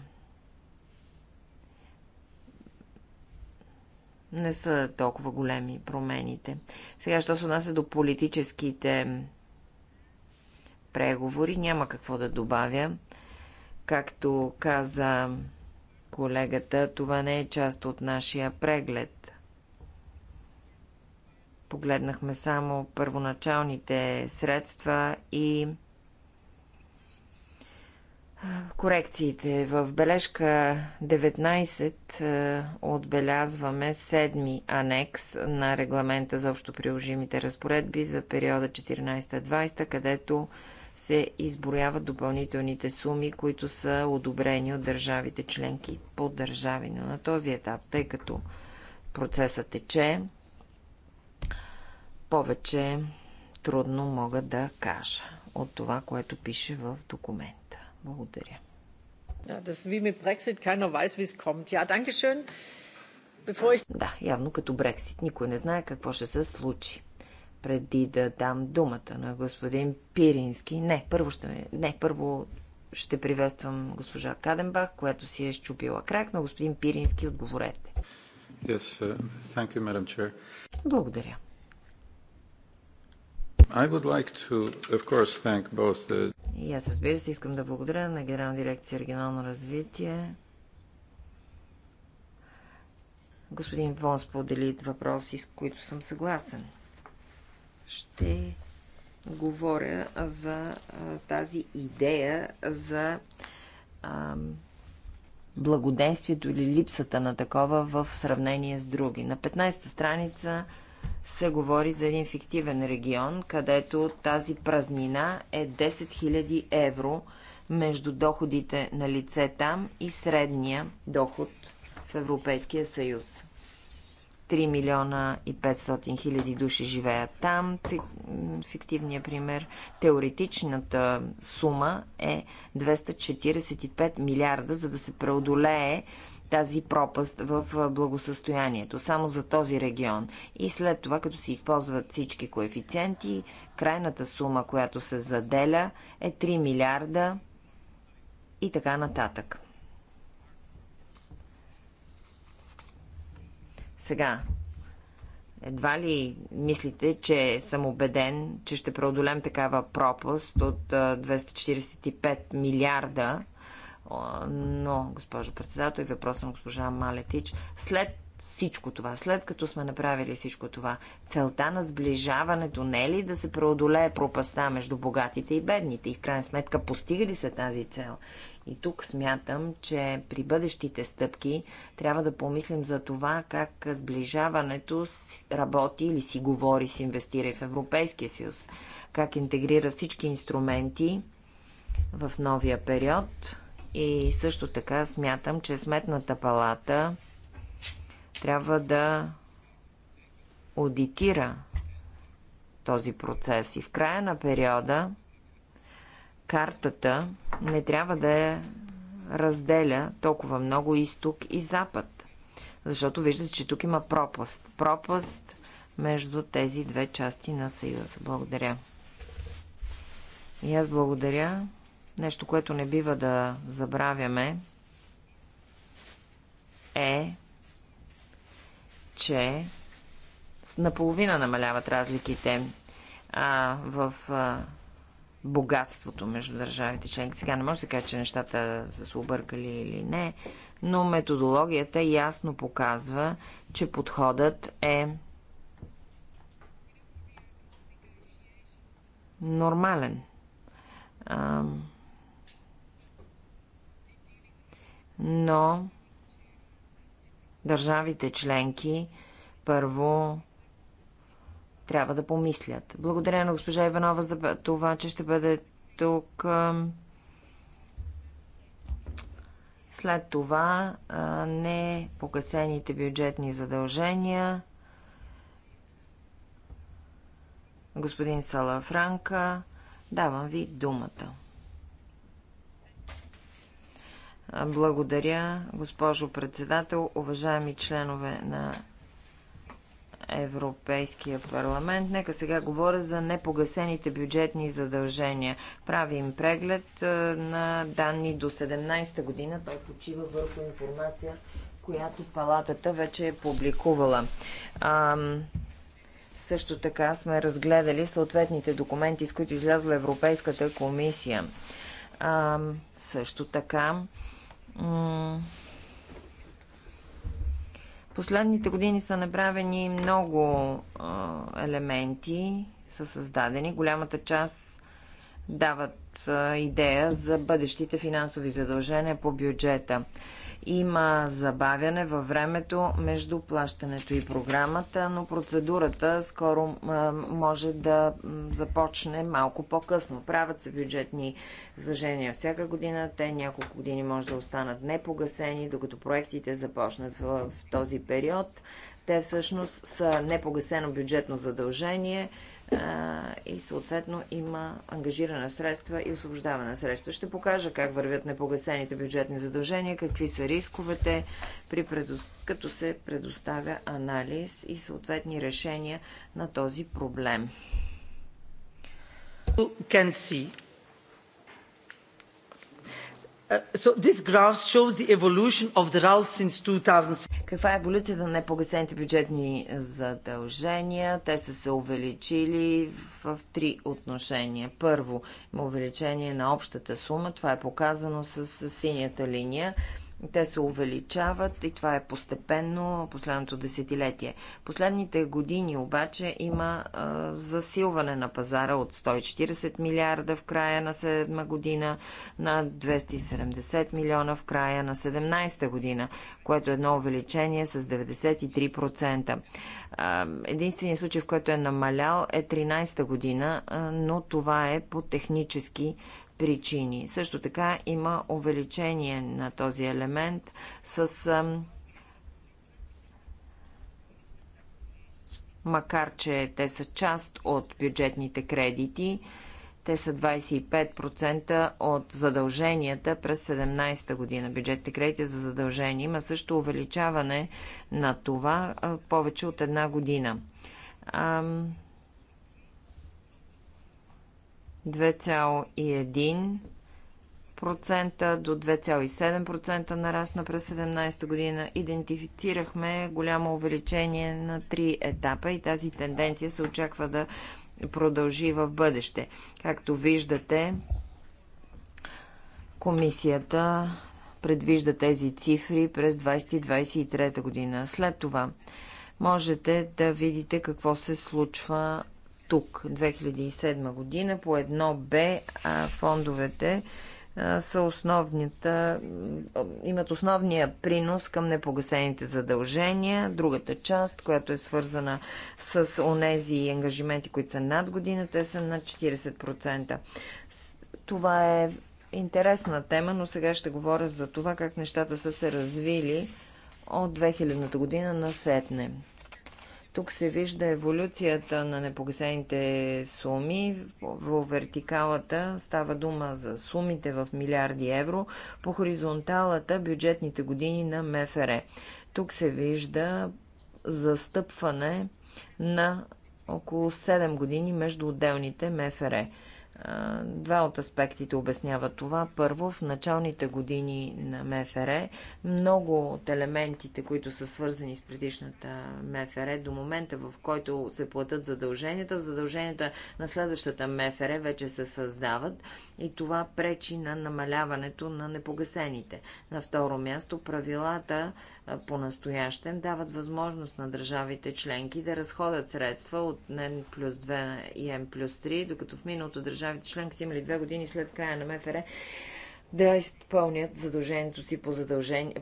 Не са толкова големи промените. Сега, що се отнася до политическите преговори, няма какво да добавя. Както каза колегата, това не е част от нашия преглед. Погледнахме само първоначалните средства и корекциите. В бележка 19 отбелязваме седми анекс на регламента за общо приложимите разпоредби за периода 14-20, където се изборяват допълнителните суми, които са одобрени от държавите членки по държави. Но на този етап, тъй като процесът тече, повече трудно мога да кажа от това, което пише в документа. Благодаря. Да, явно като Брексит. Никой не знае какво ще се случи. Преди да дам думата на господин Пирински, не, първо ще, не, първо ще приветствам госпожа Каденбах, която си е щупила крак, но господин Пирински отговорете. Yes, uh, you, Благодаря. И аз разбира се искам да благодаря на Генерална дирекция регионално развитие. Господин Вон сподели въпроси, с които съм съгласен. Ще говоря за а, тази идея за а, благоденствието или липсата на такова в сравнение с други. На 15-та страница се говори за един фиктивен регион, където тази празнина е 10 000 евро между доходите на лице там и средния доход в Европейския съюз. 3 милиона и 500 хиляди души живеят там. Фиктивният пример, теоретичната сума е 245 милиарда, за да се преодолее тази пропаст в благосъстоянието, само за този регион. И след това, като се използват всички коефициенти, крайната сума, която се заделя, е 3 милиарда и така нататък. Сега, едва ли мислите, че съм убеден, че ще преодолем такава пропаст от 245 милиарда но, госпожо председател, и въпросът на госпожа Малетич, след всичко това, след като сме направили всичко това, целта на сближаването не е ли да се преодолее пропаста между богатите и бедните? И в крайна сметка постига ли се тази цел? И тук смятам, че при бъдещите стъпки трябва да помислим за това как сближаването работи или си говори, си инвестира и в Европейския съюз, как интегрира всички инструменти в новия период и също така смятам, че Сметната палата трябва да аудитира този процес. И в края на периода картата не трябва да разделя толкова много изток и запад. Защото виждате, че тук има пропаст. Пропаст между тези две части на Съюза. Благодаря. И аз благодаря. Нещо, което не бива да забравяме е, че наполовина намаляват разликите а, в а, богатството между държавите членки. Сега не може да се каже, че нещата са се объркали или не, но методологията ясно показва, че подходът е нормален. А, но държавите членки първо трябва да помислят. Благодаря на госпожа Иванова за това, че ще бъде тук. След това не погасените бюджетни задължения. Господин Салафранка, давам ви думата. Благодаря, госпожо председател, уважаеми членове на Европейския парламент. Нека сега говоря за непогасените бюджетни задължения. Правим преглед на данни до 17-та година. Той почива върху информация, която палатата вече е публикувала. Също така сме разгледали съответните документи, с които излязла Европейската комисия. Също така Последните години са направени много елементи, са създадени. Голямата част дават идея за бъдещите финансови задължения по бюджета. Има забавяне във времето между плащането и програмата, но процедурата скоро може да започне малко по-късно. Правят се бюджетни зажения всяка година. Те няколко години може да останат непогасени, докато проектите започнат в този период. Те всъщност са непогасено бюджетно задължение – и съответно има ангажиране средства и освобождаване на средства. Ще покажа как вървят непогасените бюджетни задължения, какви са рисковете, при като се предоставя анализ и съответни решения на този проблем. Can see Uh, Каква е еволюцията на непогасените бюджетни задължения? Те са се увеличили в три отношения. Първо, има увеличение на общата сума. Това е показано с синята линия. Те се увеличават и това е постепенно последното десетилетие. Последните години обаче има а, засилване на пазара от 140 милиарда в края на 7 година на 270 милиона в края на 17 година, което е едно увеличение с 93%. Единственият случай, в който е намалял е 13-та година, но това е по технически причини. Също така има увеличение на този елемент с макар че те са част от бюджетните кредити, те са 25% от задълженията през 17-та година. Бюджетните кредити за задължения има също увеличаване на това повече от една година. 2,1 до 2,7% нарасна през 17 година. Идентифицирахме голямо увеличение на три етапа и тази тенденция се очаква да продължи в бъдеще. Както виждате, комисията предвижда тези цифри през 2023 година. След това можете да видите какво се случва тук. 2007 година по едно Б фондовете са основната, имат основния принос към непогасените задължения. Другата част, която е свързана с онези ангажименти, които са над годината, са на 40%. Това е интересна тема, но сега ще говоря за това как нещата са се развили от 2000-та година на Сетне. Тук се вижда еволюцията на непогасените суми. В вертикалата става дума за сумите в милиарди евро, по хоризонталата бюджетните години на МФР. Тук се вижда застъпване на около 7 години между отделните МФР. Два от аспектите обясняват това. Първо, в началните години на МФР много от елементите, които са свързани с предишната МФР, до момента в който се платят задълженията, задълженията на следващата МФР вече се създават и това пречи на намаляването на непогасените. На второ място, правилата по-настоящем дават възможност на държавите членки да разходят средства от N плюс 2 и N плюс 3, докато в миналото държавите членки са имали две години след края на МФР да изпълнят задължението си по, задължение,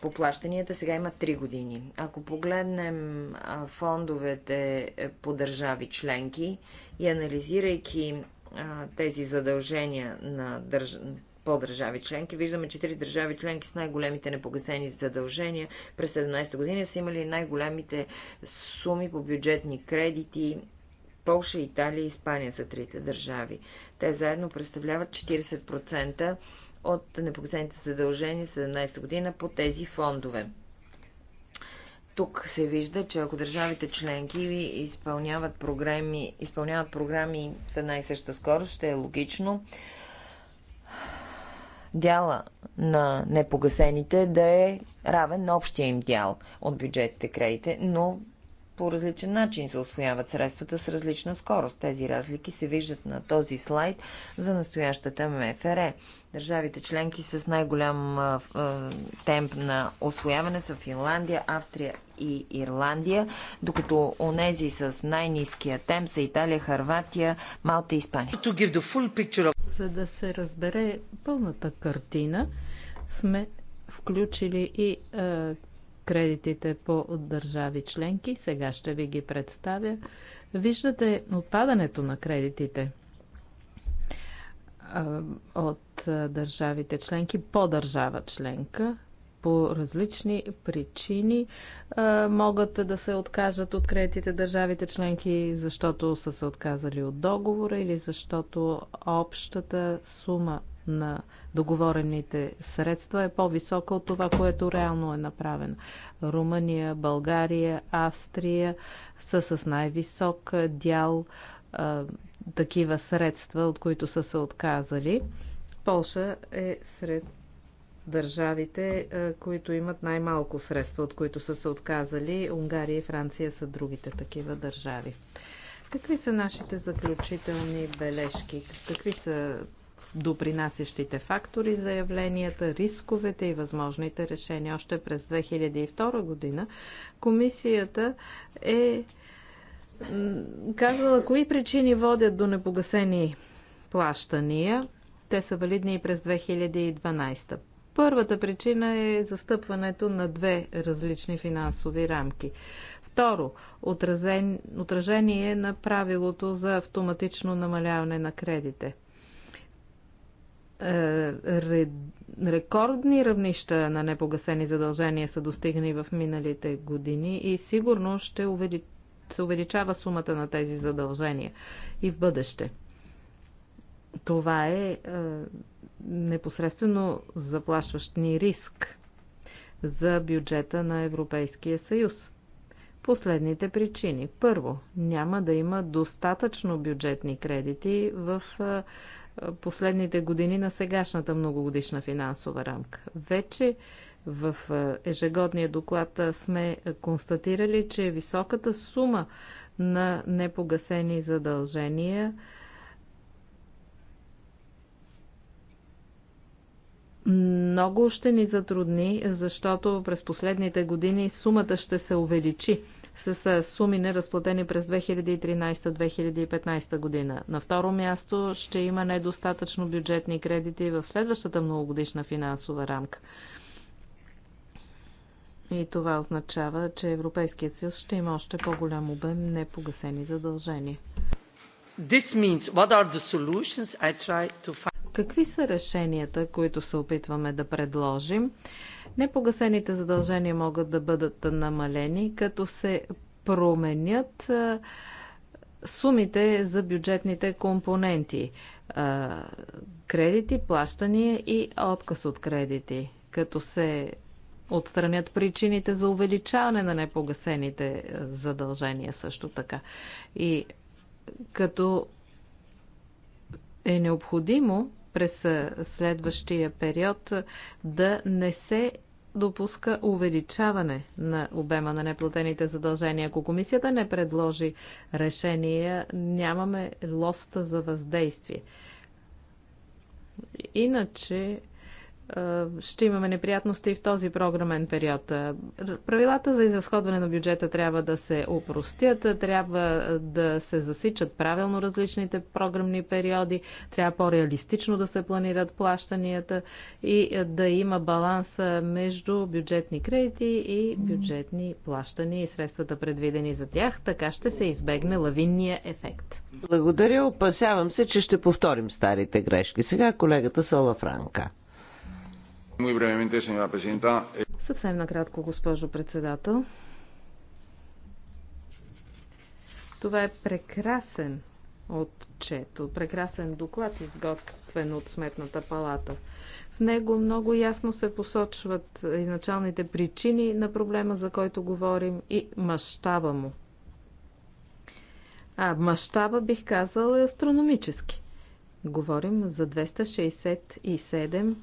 по плащанията. Сега има 3 години. Ако погледнем фондовете е, по държави членки и анализирайки а, тези задължения на държ... по държави членки, виждаме, че три държави членки с най-големите непогасени задължения през 17 година са имали най-големите суми по бюджетни кредити. Полша, Италия и Испания са трите държави. Те заедно представляват 40% от непогасените задължения 17 година по тези фондове. Тук се вижда, че ако държавите членки изпълняват програми, изпълняват програми с една и съща скорост, ще е логично дяла на непогасените да е равен на общия им дял от бюджетите кредите, но по различен начин се освояват средствата с различна скорост. Тези разлики се виждат на този слайд за настоящата МФР. Държавите членки с най-голям темп на освояване са Финландия, Австрия и Ирландия, докато онези с най-низкия темп са Италия, Харватия, Малта и Испания. За да се разбере пълната картина, сме включили и е, кредитите по държави членки. Сега ще ви ги представя. Виждате отпадането на кредитите от държавите членки по държава членка по различни причини могат да се откажат от кредитите държавите членки, защото са се отказали от договора или защото общата сума на договорените средства е по-висока от това, което реално е направено. Румъния, България, Австрия са с най-висок дял а, такива средства, от които са се отказали. Полша е сред държавите, които имат най-малко средства, от които са се отказали. Унгария и Франция са другите такива държави. Какви са нашите заключителни бележки? Какви са допринасящите фактори, заявленията, рисковете и възможните решения. Още през 2002 година комисията е казала кои причини водят до непогасени плащания. Те са валидни и през 2012. Първата причина е застъпването на две различни финансови рамки. Второ, отразен, отражение на правилото за автоматично намаляване на кредите – е, рекордни равнища на непогасени задължения са достигнали в миналите години и сигурно ще увели... се увеличава сумата на тези задължения и в бъдеще. Това е, е непосредствено заплашващ ни риск за бюджета на Европейския съюз. Последните причини. Първо, няма да има достатъчно бюджетни кредити в е, последните години на сегашната многогодишна финансова рамка. Вече в е, ежегодния доклад сме констатирали, че високата сума на непогасени задължения много ще ни затрудни, защото през последните години сумата ще се увеличи с суми неразплатени през 2013-2015 година. На второ място ще има недостатъчно бюджетни кредити в следващата многогодишна финансова рамка. И това означава, че Европейският съюз ще има още по-голям обем непогасени задължения. Find... Какви са решенията, които се опитваме да предложим? Непогасените задължения могат да бъдат намалени, като се променят сумите за бюджетните компоненти кредити, плащания и отказ от кредити, като се отстранят причините за увеличаване на непогасените задължения също така. И като е необходимо през следващия период да не се допуска увеличаване на обема на неплатените задължения. Ако комисията не предложи решение, нямаме лоста за въздействие. Иначе е, ще имаме неприятности в този програмен период. Е, правилата за изразходване на бюджета трябва да се опростят, е, трябва да се засичат правилно различните програмни периоди, трябва по-реалистично да се планират плащанията и да има баланс между бюджетни кредити и бюджетни плащания и средствата предвидени за тях. Така ще се избегне лавинния ефект. Благодаря, опасявам се, че ще повторим старите грешки. Сега колегата Сала Франка. Eh, Съвсем накратко, госпожо председател. Това е прекрасен отчет, прекрасен доклад, изготвен от Сметната палата. В него много ясно се посочват изначалните причини на проблема, за който говорим и мащаба му. А мащаба, бих казал, е астрономически. Говорим за 267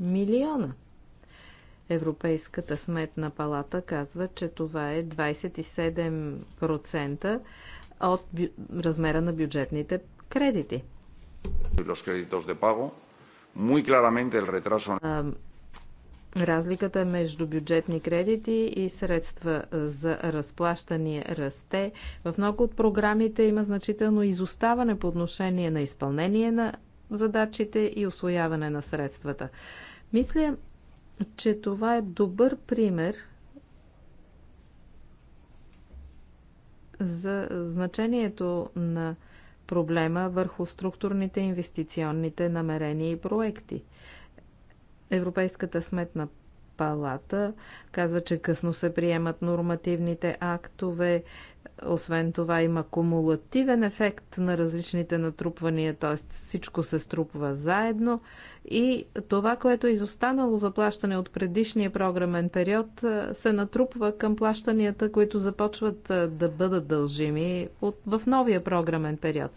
милиона. Европейската сметна палата казва, че това е 27% от бю... размера на бюджетните кредити. Разликата между бюджетни кредити и средства за разплащане расте. В много от програмите има значително изоставане по отношение на изпълнение на задачите и освояване на средствата. Мисля, че това е добър пример за значението на проблема върху структурните инвестиционните намерения и проекти. Европейската сметна палата казва, че късно се приемат нормативните актове, освен това има кумулативен ефект на различните натрупвания, т.е. всичко се струпва заедно и това, което е изостанало за плащане от предишния програмен период, се натрупва към плащанията, които започват да бъдат дължими от, в новия програмен период.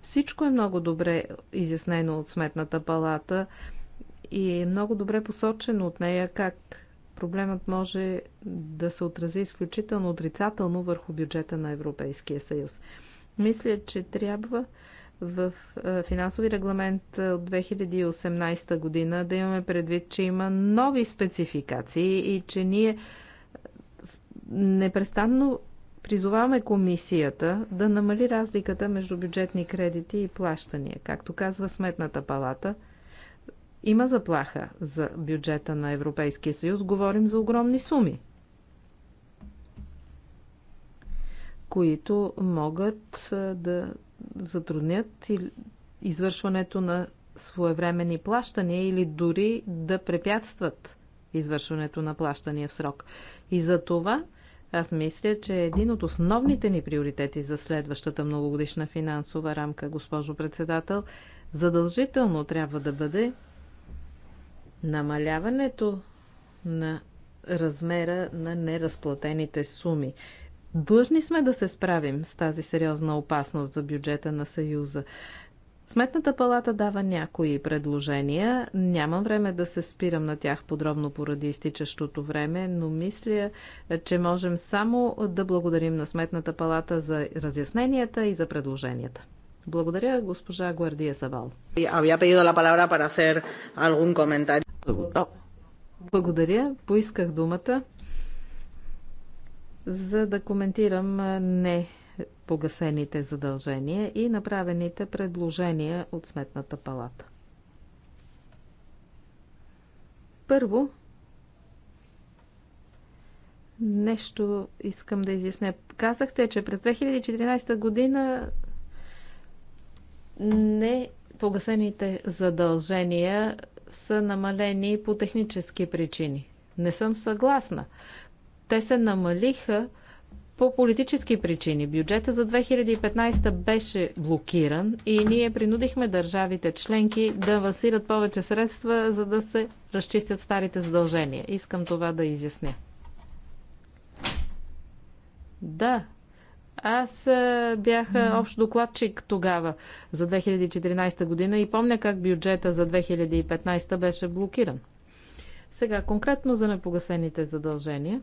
Всичко е много добре изяснено от Сметната палата и е много добре посочено от нея как проблемът може да се отрази изключително отрицателно върху бюджета на Европейския съюз. Мисля, че трябва в е, финансови регламент е, от 2018 година да имаме предвид, че има нови спецификации и че ние е, непрестанно призоваваме комисията да намали разликата между бюджетни кредити и плащания. Както казва Сметната палата – има заплаха за бюджета на Европейския съюз. Говорим за огромни суми, които могат да затруднят извършването на своевременни плащания или дори да препятстват извършването на плащания в срок. И за това аз мисля, че един от основните ни приоритети за следващата многогодишна финансова рамка, госпожо председател, задължително трябва да бъде Намаляването на размера на неразплатените суми. Длъжни сме да се справим с тази сериозна опасност за бюджета на Съюза. Сметната палата дава някои предложения. Нямам време да се спирам на тях подробно поради изтичащото време, но мисля, че можем само да благодарим на Сметната палата за разясненията и за предложенията. Благодаря, госпожа Гвардия Савал. Había pedido la para hacer algún comentario. Благодаря. Поисках думата, за да коментирам не погасените задължения и направените предложения от Сметната палата. Първо, нещо искам да изясня. Казахте, че през 2014 година не погасените задължения са намалени по технически причини. Не съм съгласна. Те се намалиха по политически причини. Бюджета за 2015 беше блокиран и ние принудихме държавите членки да васират повече средства, за да се разчистят старите задължения. Искам това да изясня. Да, аз бях общ докладчик тогава за 2014 година и помня как бюджета за 2015 беше блокиран. Сега конкретно за непогасените задължения.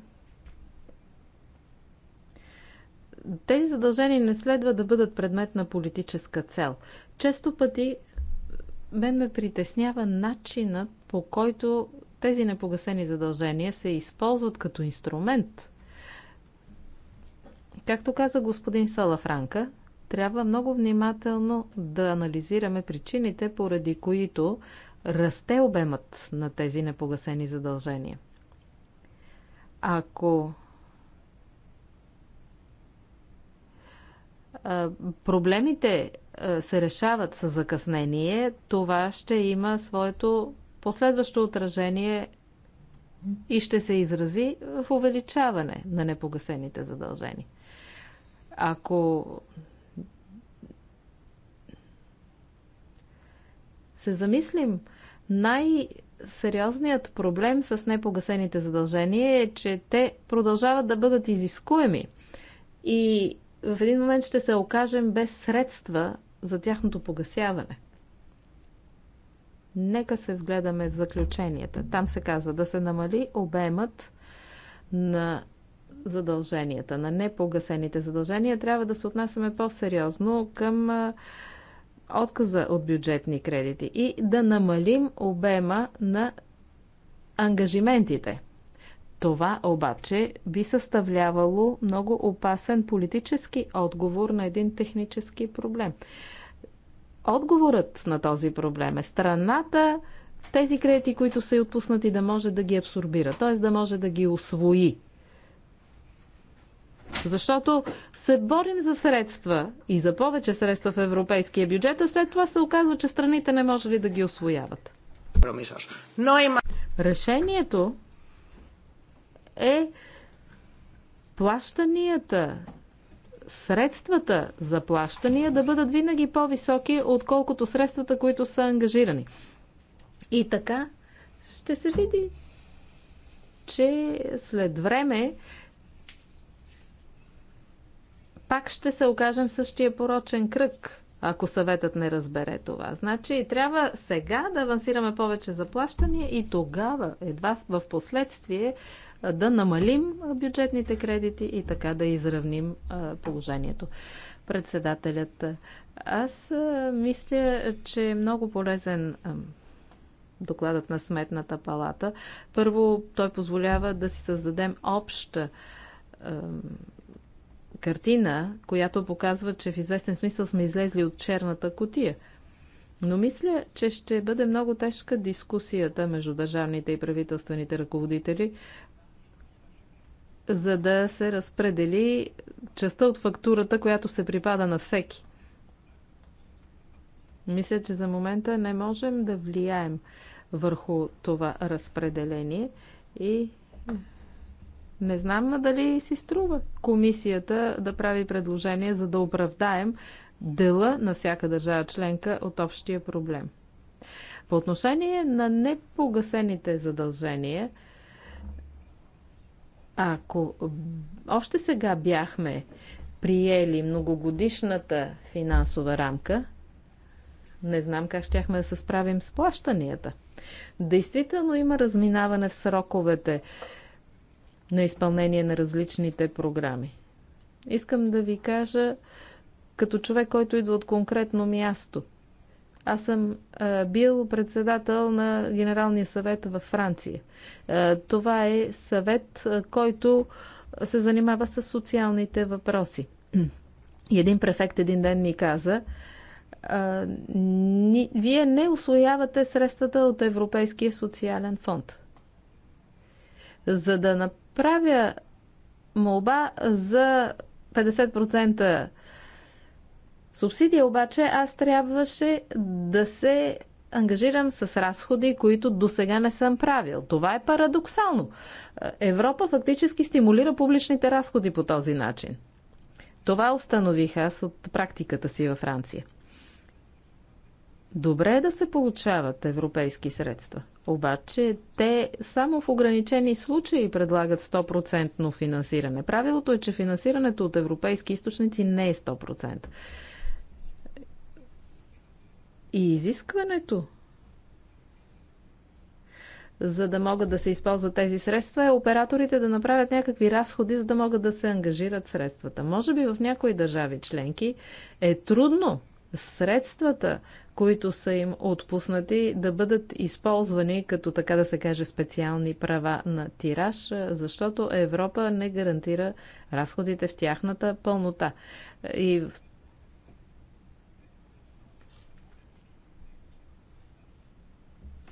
Тези задължения не следва да бъдат предмет на политическа цел. Често пъти мен ме притеснява начинът по който тези непогасени задължения се използват като инструмент Както каза господин Салафранка, трябва много внимателно да анализираме причините, поради които расте обемът на тези непогасени задължения. Ако проблемите се решават с закъснение, това ще има своето последващо отражение и ще се изрази в увеличаване на непогасените задължения. Ако се замислим, най-сериозният проблем с непогасените задължения е, че те продължават да бъдат изискуеми. И в един момент ще се окажем без средства за тяхното погасяване. Нека се вгледаме в заключенията. Там се казва да се намали обемът на задълженията, на непогасените задължения, трябва да се отнасяме по-сериозно към отказа от бюджетни кредити и да намалим обема на ангажиментите. Това обаче би съставлявало много опасен политически отговор на един технически проблем. Отговорът на този проблем е страната тези кредити, които са и отпуснати, да може да ги абсорбира, т.е. да може да ги освои защото се борим за средства и за повече средства в европейския бюджет, а след това се оказва, че страните не може ли да ги освояват. Но има... Решението е плащанията, средствата за плащания да бъдат винаги по-високи, отколкото средствата, които са ангажирани. И така ще се види, че след време пак ще се окажем в същия порочен кръг, ако съветът не разбере това. Значи трябва сега да авансираме повече заплащания и тогава, едва в последствие, да намалим бюджетните кредити и така да изравним положението. Председателят, аз мисля, че е много полезен докладът на Сметната палата. Първо, той позволява да си създадем обща картина, която показва, че в известен смисъл сме излезли от черната котия. Но мисля, че ще бъде много тежка дискусията между държавните и правителствените ръководители, за да се разпредели частта от фактурата, която се припада на всеки. Мисля, че за момента не можем да влияем върху това разпределение и не знам дали си струва комисията да прави предложение, за да оправдаем дела на всяка държава членка от общия проблем. По отношение на непогасените задължения, ако още сега бяхме приели многогодишната финансова рамка, не знам как щяхме да се справим с плащанията. Действително има разминаване в сроковете на изпълнение на различните програми. Искам да ви кажа, като човек, който идва от конкретно място. Аз съм а, бил председател на Генералния съвет във Франция. А, това е съвет, а, който се занимава с социалните въпроси. И един префект един ден ми каза, а, ни, вие не освоявате средствата от Европейския социален фонд. За да направите отправя молба за 50% субсидия, обаче аз трябваше да се ангажирам с разходи, които до сега не съм правил. Това е парадоксално. Европа фактически стимулира публичните разходи по този начин. Това установих аз от практиката си във Франция. Добре е да се получават европейски средства, обаче те само в ограничени случаи предлагат 100% финансиране. Правилото е, че финансирането от европейски източници не е 100%. И изискването за да могат да се използват тези средства, е операторите да направят някакви разходи, за да могат да се ангажират средствата. Може би в някои държави членки е трудно средствата, които са им отпуснати, да бъдат използвани като, така да се каже, специални права на тираж, защото Европа не гарантира разходите в тяхната пълнота. И в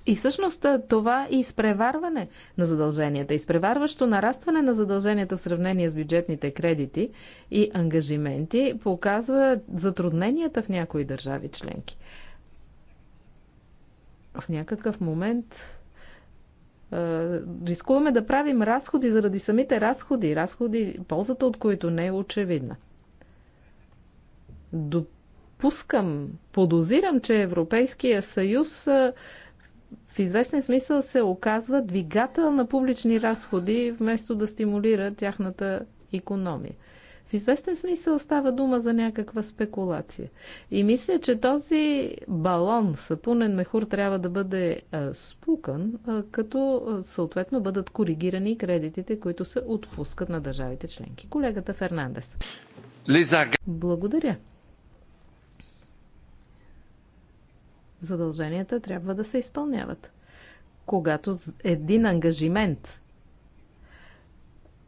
И всъщност това и изпреварване на задълженията, изпреварващо нарастване на задълженията в сравнение с бюджетните кредити и ангажименти показва затрудненията в някои държави членки. В някакъв момент рискуваме да правим разходи заради самите разходи, разходи, ползата от които не е очевидна. Допускам, подозирам, че Европейския съюз в известен смисъл се оказва двигател на публични разходи, вместо да стимулира тяхната економия. В известен смисъл става дума за някаква спекулация. И мисля, че този балон, сапунен мехур, трябва да бъде а, спукан, а, като а, съответно бъдат коригирани кредитите, които се отпускат на държавите членки. Колегата Фернандес. Благодаря. задълженията трябва да се изпълняват. Когато един ангажимент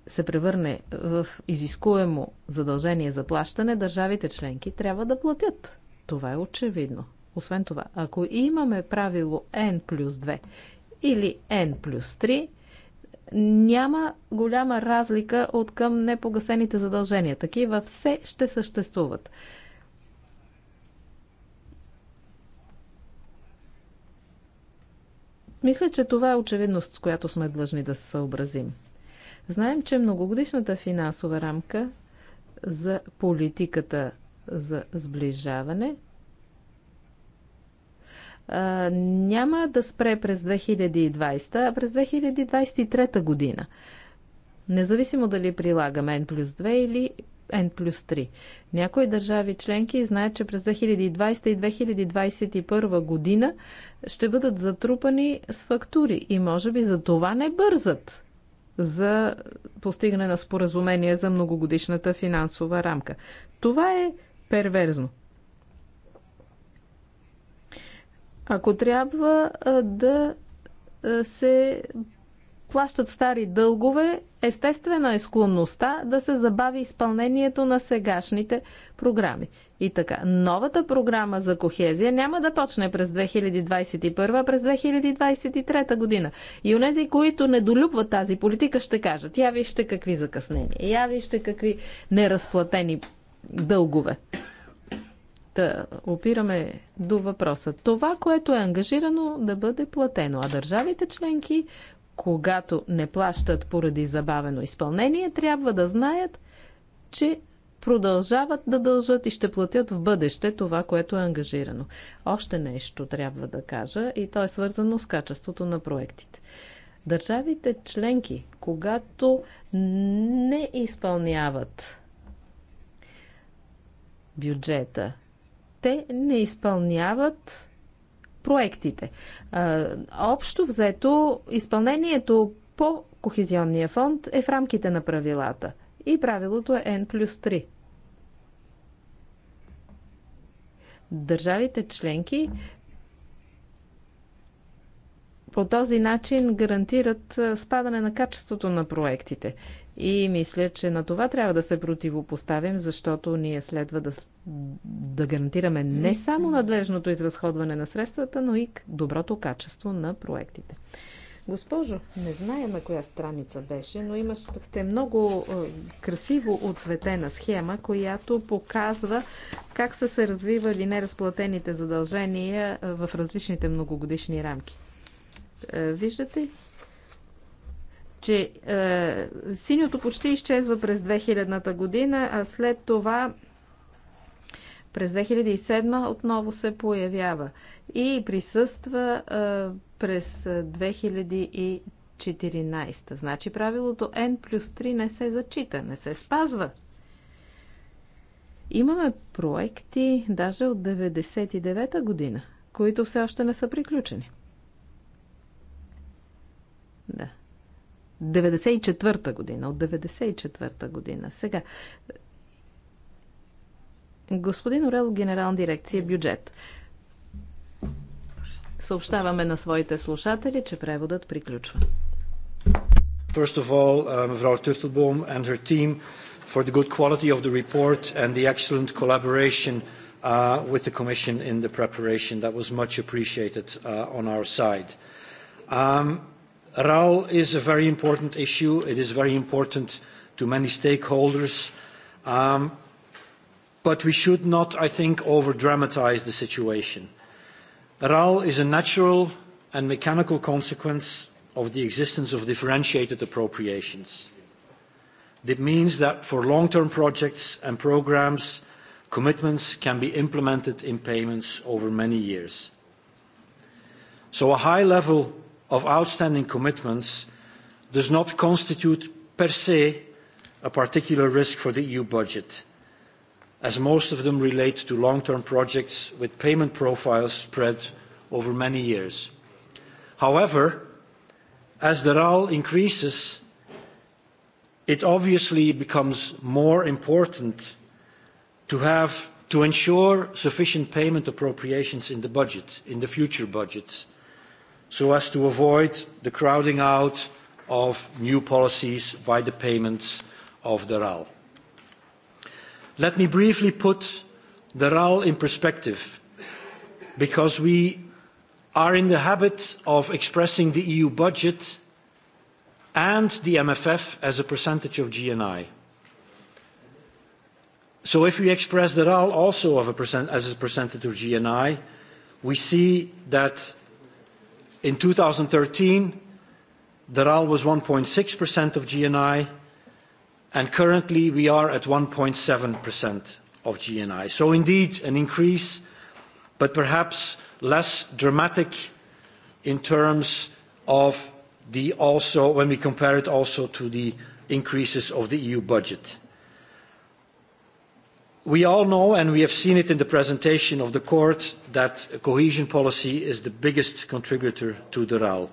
се превърне в изискуемо задължение за плащане, държавите членки трябва да платят. Това е очевидно. Освен това, ако имаме правило N плюс 2 или N плюс 3, няма голяма разлика от към непогасените задължения. Такива все ще съществуват. Мисля, че това е очевидност, с която сме длъжни да се съобразим. Знаем, че многогодишната финансова рамка за политиката за сближаване а, няма да спре през 2020, а през 2023 година. Независимо дали прилагаме N плюс 2 или N плюс 3. Някои държави членки знаят, че през 2020 и 2021 година ще бъдат затрупани с фактури и може би за това не бързат за постигане на споразумение за многогодишната финансова рамка. Това е перверзно. Ако трябва да се плащат стари дългове, естествена е склонността да се забави изпълнението на сегашните програми. И така, новата програма за кохезия няма да почне през 2021, а през 2023 година. И онези, които недолюбват тази политика, ще кажат, я вижте какви закъснения, я вижте какви неразплатени дългове. Та, опираме до въпроса. Това, което е ангажирано да бъде платено, а държавите членки когато не плащат поради забавено изпълнение, трябва да знаят, че продължават да дължат и ще платят в бъдеще това, което е ангажирано. Още нещо трябва да кажа и то е свързано с качеството на проектите. Държавите членки, когато не изпълняват бюджета, те не изпълняват проектите. Общо взето, изпълнението по Кохезионния фонд е в рамките на правилата. И правилото е N плюс 3. Държавите членки по този начин гарантират спадане на качеството на проектите. И мисля, че на това трябва да се противопоставим, защото ние следва да, да гарантираме не само надлежното изразходване на средствата, но и доброто качество на проектите. Госпожо, не зная на коя страница беше, но имахте много е, красиво отцветена схема, която показва как са се развивали неразплатените задължения е, в различните многогодишни рамки. Е, виждате че е, синьото почти изчезва през 2000-та година, а след това през 2007 отново се появява и присъства е, през 2014. Значи правилото N плюс 3 не се зачита, не се спазва. Имаме проекти даже от 99-та година, които все още не са приключени. Да. 94-та година. От 94-та година. Сега. Господин Орел, генерал дирекция бюджет. Съобщаваме на своите слушатели, че преводът приключва. First of all, mevrouw Turtelboom and her team for the good quality of the report and the excellent collaboration uh, with the Commission in the preparation. That was much appreciated uh, on our side. Um, RAL is a very important issue. It is very important to many stakeholders. but we should not, I think, over-dramatize the situation. RAL is a natural and mechanical consequence of the existence of differentiated appropriations. It means that for long-term projects and programmes, commitments can be implemented in payments over many years. So a high level of outstanding commitments does not constitute per se a particular risk for the EU budget, as most of them relate to long-term projects with payment profiles spread over many years. However, as the RAL increases, it obviously becomes more important to have to ensure sufficient payment appropriations in the budget, in the future budgets, so as to avoid the crowding out of new policies by the payments of the RAL. Let me briefly put the RAL in perspective, because we are in the habit of expressing the EU budget and the MFF as a percentage of GNI. So if we express the RAL also as a percentage of GNI, we see that In 2013, the RAL was 1.6% of GNI, and currently we are at 1.7% of GNI. So indeed, an increase, but perhaps less dramatic in terms of the also when we compare it also to the increases of the EU budget. We all know, and we have seen it in the presentation of the court, that cohesion policy is the biggest contributor to the RAL.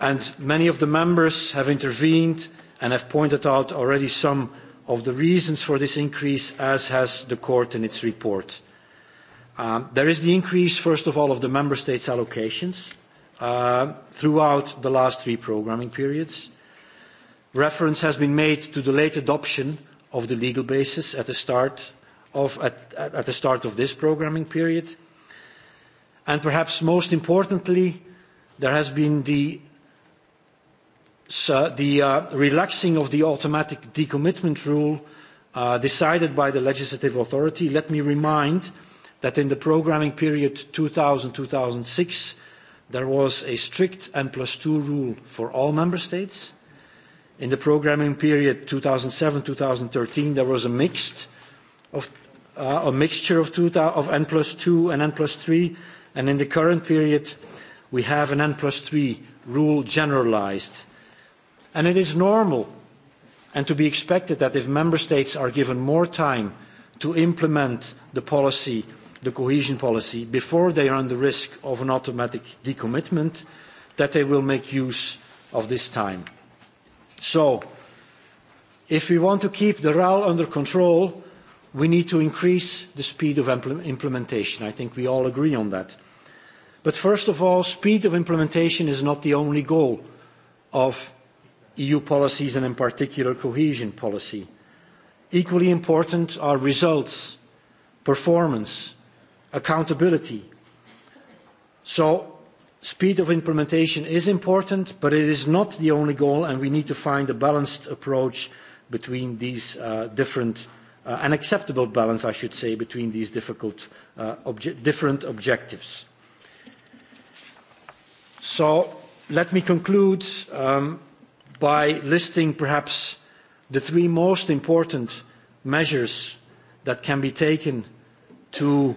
And many of the members have intervened and have pointed out already some of the reasons for this increase, as has the court in its report. there is the increase, first of all, of the member states' allocations throughout the last three programming periods. Reference has been made to the late adoption of the legal basis at the start of, at, at the start of this programming period. And perhaps most importantly, there has been the, the uh, relaxing of the automatic decommitment rule uh, decided by the legislative authority. Let me remind that in the programming period 2000-2006, there was a strict N plus 2 rule for all member states In the programming period 2007-2013, there was a mixed of uh, a mixture of, two, of N plus 2 and N plus 3, and in the current period, we have an N plus 3 rule generalized. And it is normal and to be expected that if member states are given more time to implement the policy, the cohesion policy, before they run the risk of an automatic decommitment, that they will make use of this time. So, if we want to keep the RAL under control, we need to increase the speed of implementation. I think we all agree on that. But first of all, speed of implementation is not the only goal of EU policies and in particular cohesion policy. Equally important are results, performance, accountability. So Speed of implementation is important, but it is not the only goal, and we need to find a balanced approach between these different, an acceptable balance, I should say, between these difficult, different objectives. So let me conclude by listing perhaps the three most important measures that can be taken to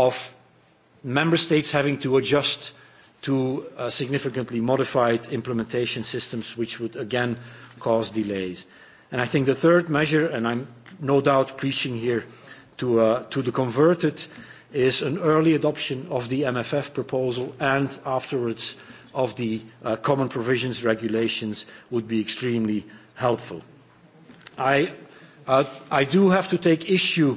of member states having to adjust to significantly modified implementation systems, which would again cause delays. I think the third measure, and I'm no doubt preaching here to the converted, is an early adoption of the MFF proposal and afterwards of the common provisions regulations would be extremely helpful. I do have to take issue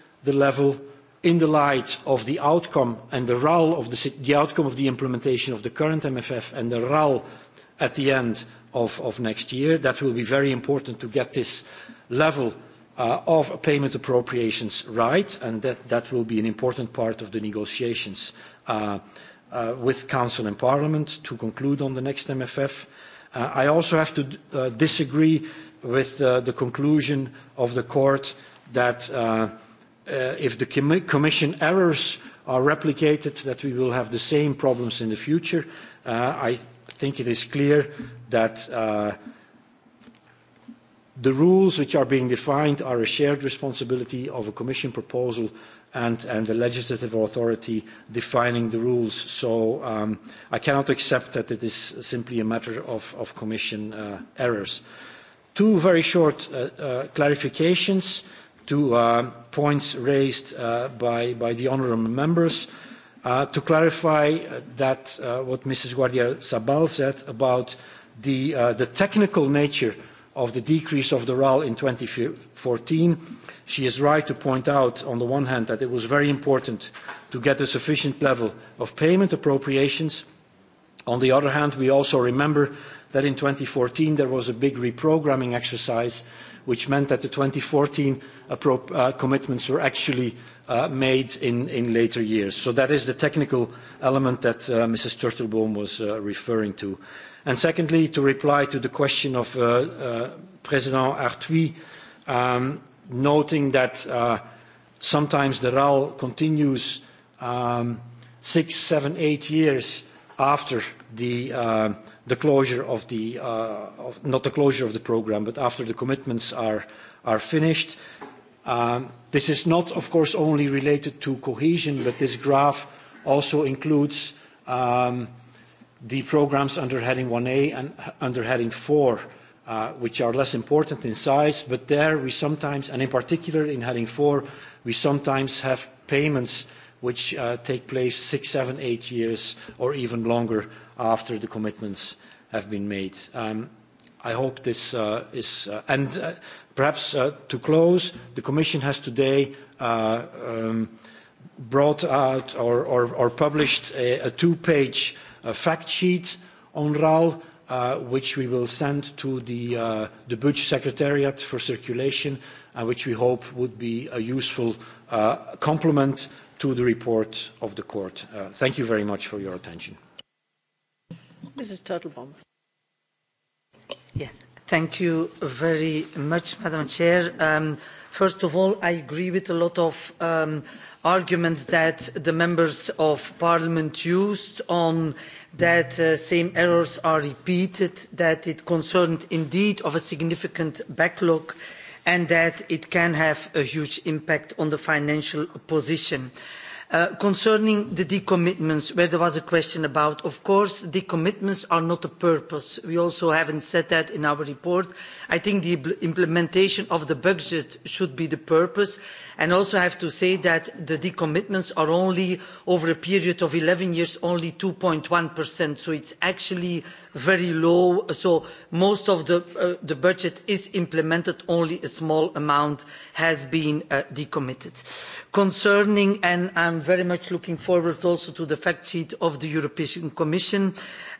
the level in the light of the outcome and the RAL of the, the outcome of the implementation of the current MFF and the RAL at the end of, of next year. That will be very important to get this level of payment appropriations right, and that, that will be an important part of the negotiations with Council and Parliament to conclude on the next MFF. I also have to disagree with the conclusion of the court that if the Commission errors are replicated, that we will have the same problems in the future. I think it is clear that the rules which are being defined are a shared responsibility of a Commission proposal and, the legislative authority defining the rules. So I cannot accept that it is simply a matter of, Commission errors. Two very short clarifications. Uh, to points raised by the honourable members. To clarify that what Mrs. Guardia Sabal said about the technical nature of the decrease of the RAL in fourteen, she is right to point out, on the one hand, that it was very important to get a sufficient level of payment appropriations. On the other hand, we also remember that in fourteen there was a big reprogramming exercise which meant that the 2014 uh, commitments were actually uh, made in, in later years. So that is the technical element that uh, Mrs. Turtelbaum was uh, referring to. And secondly, to reply to the question of uh, uh, President Arthuis, um, noting that uh, sometimes the RAL continues um, six, seven, eight years after the the closure of the uh, of, not the closure of the program, but after the commitments are are finished. Um, this is not, of course, only related to cohesion, but this graph also includes um, the programs under heading 1A and under heading 4, uh, which are less important in size, but there we sometimes, and in particular in heading 4, we sometimes have payments which take place six, seven, eight years or even longer after the commitments have been made. I hope this is... and perhaps to close, the Commission has today brought out or, or, or published a, a two-page fact sheet on RAL, which we will send to the, uh, the Budge Secretariat for circulation, and which we hope would be a useful complement to the report of the court. Uh, thank you very much for your attention. Mrs. Turtlebaum. Yeah. Thank you very much, Madam Chair. Um, first of all, I agree with a lot of um, arguments that the members of Parliament used on that uh, same errors are repeated, that it concerned indeed of a significant backlog and that it can have a huge impact on the financial position. concerning the decommitments, where there was a question about, of course, decommitments are not the purpose. We also haven't said that in our report I think the implementation of the budget should be the purpose. And also I have to say that the decommitments are only, over a period of eleven years, only two 2.1%. So it's actually very low. So most of the, budget is implemented, only a small amount has been decommitted. Concerning, and I am very much looking forward also to the fact sheet of the European Commission,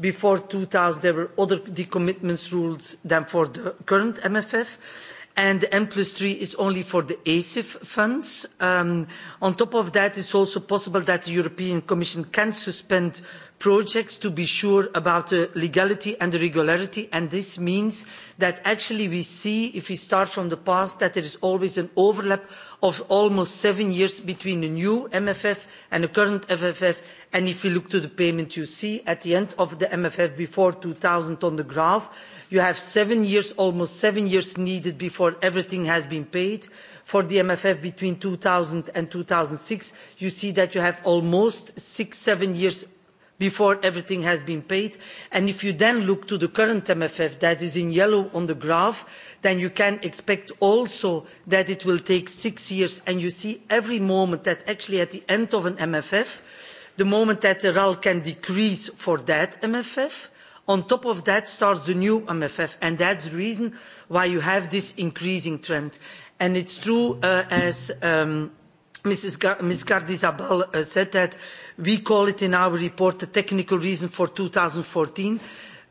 Before 2000, there were other decommitment rules than for the current MFF and the N plus three is only for the ACIF funds. on top of that, it's also possible that the European Commission can suspend projects to be sure about the legality and the regularity. And this means that actually we see, if we start from the past, that there is always an overlap of almost seven years between the new MFF and the current MFF. And if you look to the payment you see at the end of the MFF before two thousand on the graph, you have seven years, almost seven years needed before everything has been paid. For the MFF between two thousand and two thousand six, you see that you have almost six, seven years before everything has been paid. And if you then look to the current MFF that is in yellow on the graph, then you can expect also that it will take six years. And you see every moment that actually at the end of an MFF, the moment that the RAL can decrease for that MFF, on top of that starts the new MFF. And that's the reason why you have this increasing trend. And it's true, as Ms. Gardizabal said, that we call it in our report the technical reason for fourteen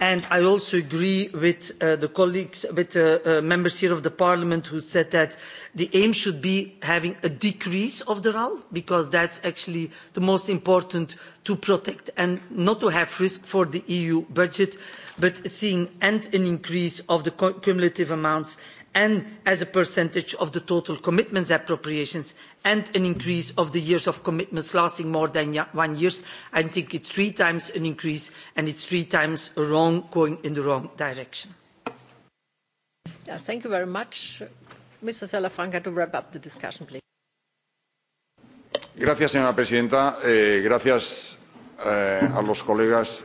and i also agree with the colleagues with the members here of the parliament who said that the aim should be having a decrease of the RAL because that's actually the most important to protect and not to have risk for the eu budget but seeing and an increase of the cumulative amounts and as a percentage of the total commitments appropriations and an increase of the years of commitments lasting more than one year. I think it's three times an increase and it's three times wrong, going in the wrong direction. Yeah, thank you very much. Mr. Salafranca, to wrap up the discussion, please. Gracias, señora presidenta. gracias a los colegas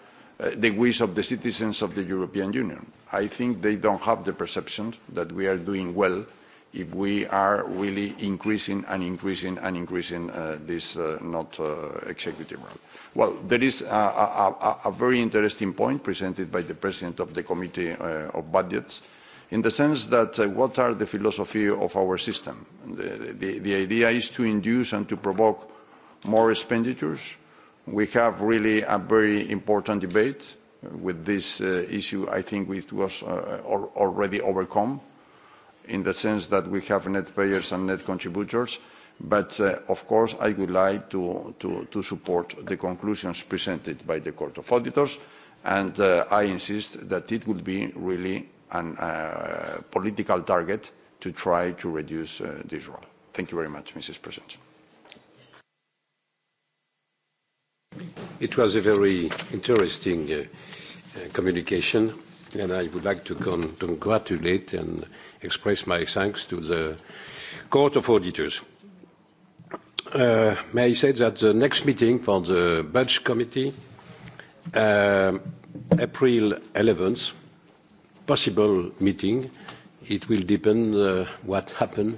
the wish of the citizens of the European Union. I think they don't have the perception that we are doing well if we are really increasing and increasing and increasing uh, this uh, not uh, executive role. Well, there is a, a, a very interesting point presented by the president of the Committee uh, of Budgets in the sense that uh, what are the philosophy of our system? The, the, the idea is to induce and to provoke more expenditures We have really a very important debate with this issue, I think, it was already overcome in the sense that we have net payers and net contributors. But of course, I would like to support the conclusions presented by the Court of Auditors, and I insist that it would be really a political target to try to reduce this role. Thank you very much, Mrs. President. It was a very interesting communication, and I would like to con- congratulate and express my thanks to the Court of Auditors. may I say that the next meeting for the Budget Committee, April 11th, possible meeting, it will depend what happens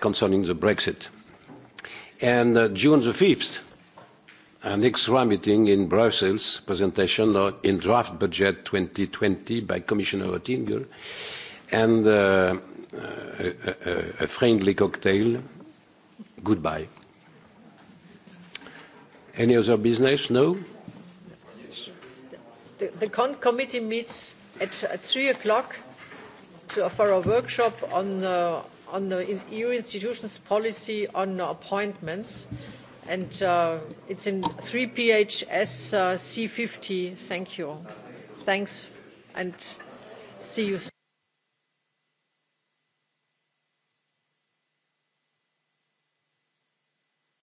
concerning the Brexit. And June the 5th, an extra meeting in Brussels, presentation in draft budget 2020 by Commissioner Oettinger, and uh, a, a, a friendly cocktail. Goodbye. Any other business? No? The, the con committee meets at, at 3 o'clock to, for a workshop on, uh, on the EU institutions policy on appointments and it's in 3PHS C50. Thank you. Thanks and see you. soon.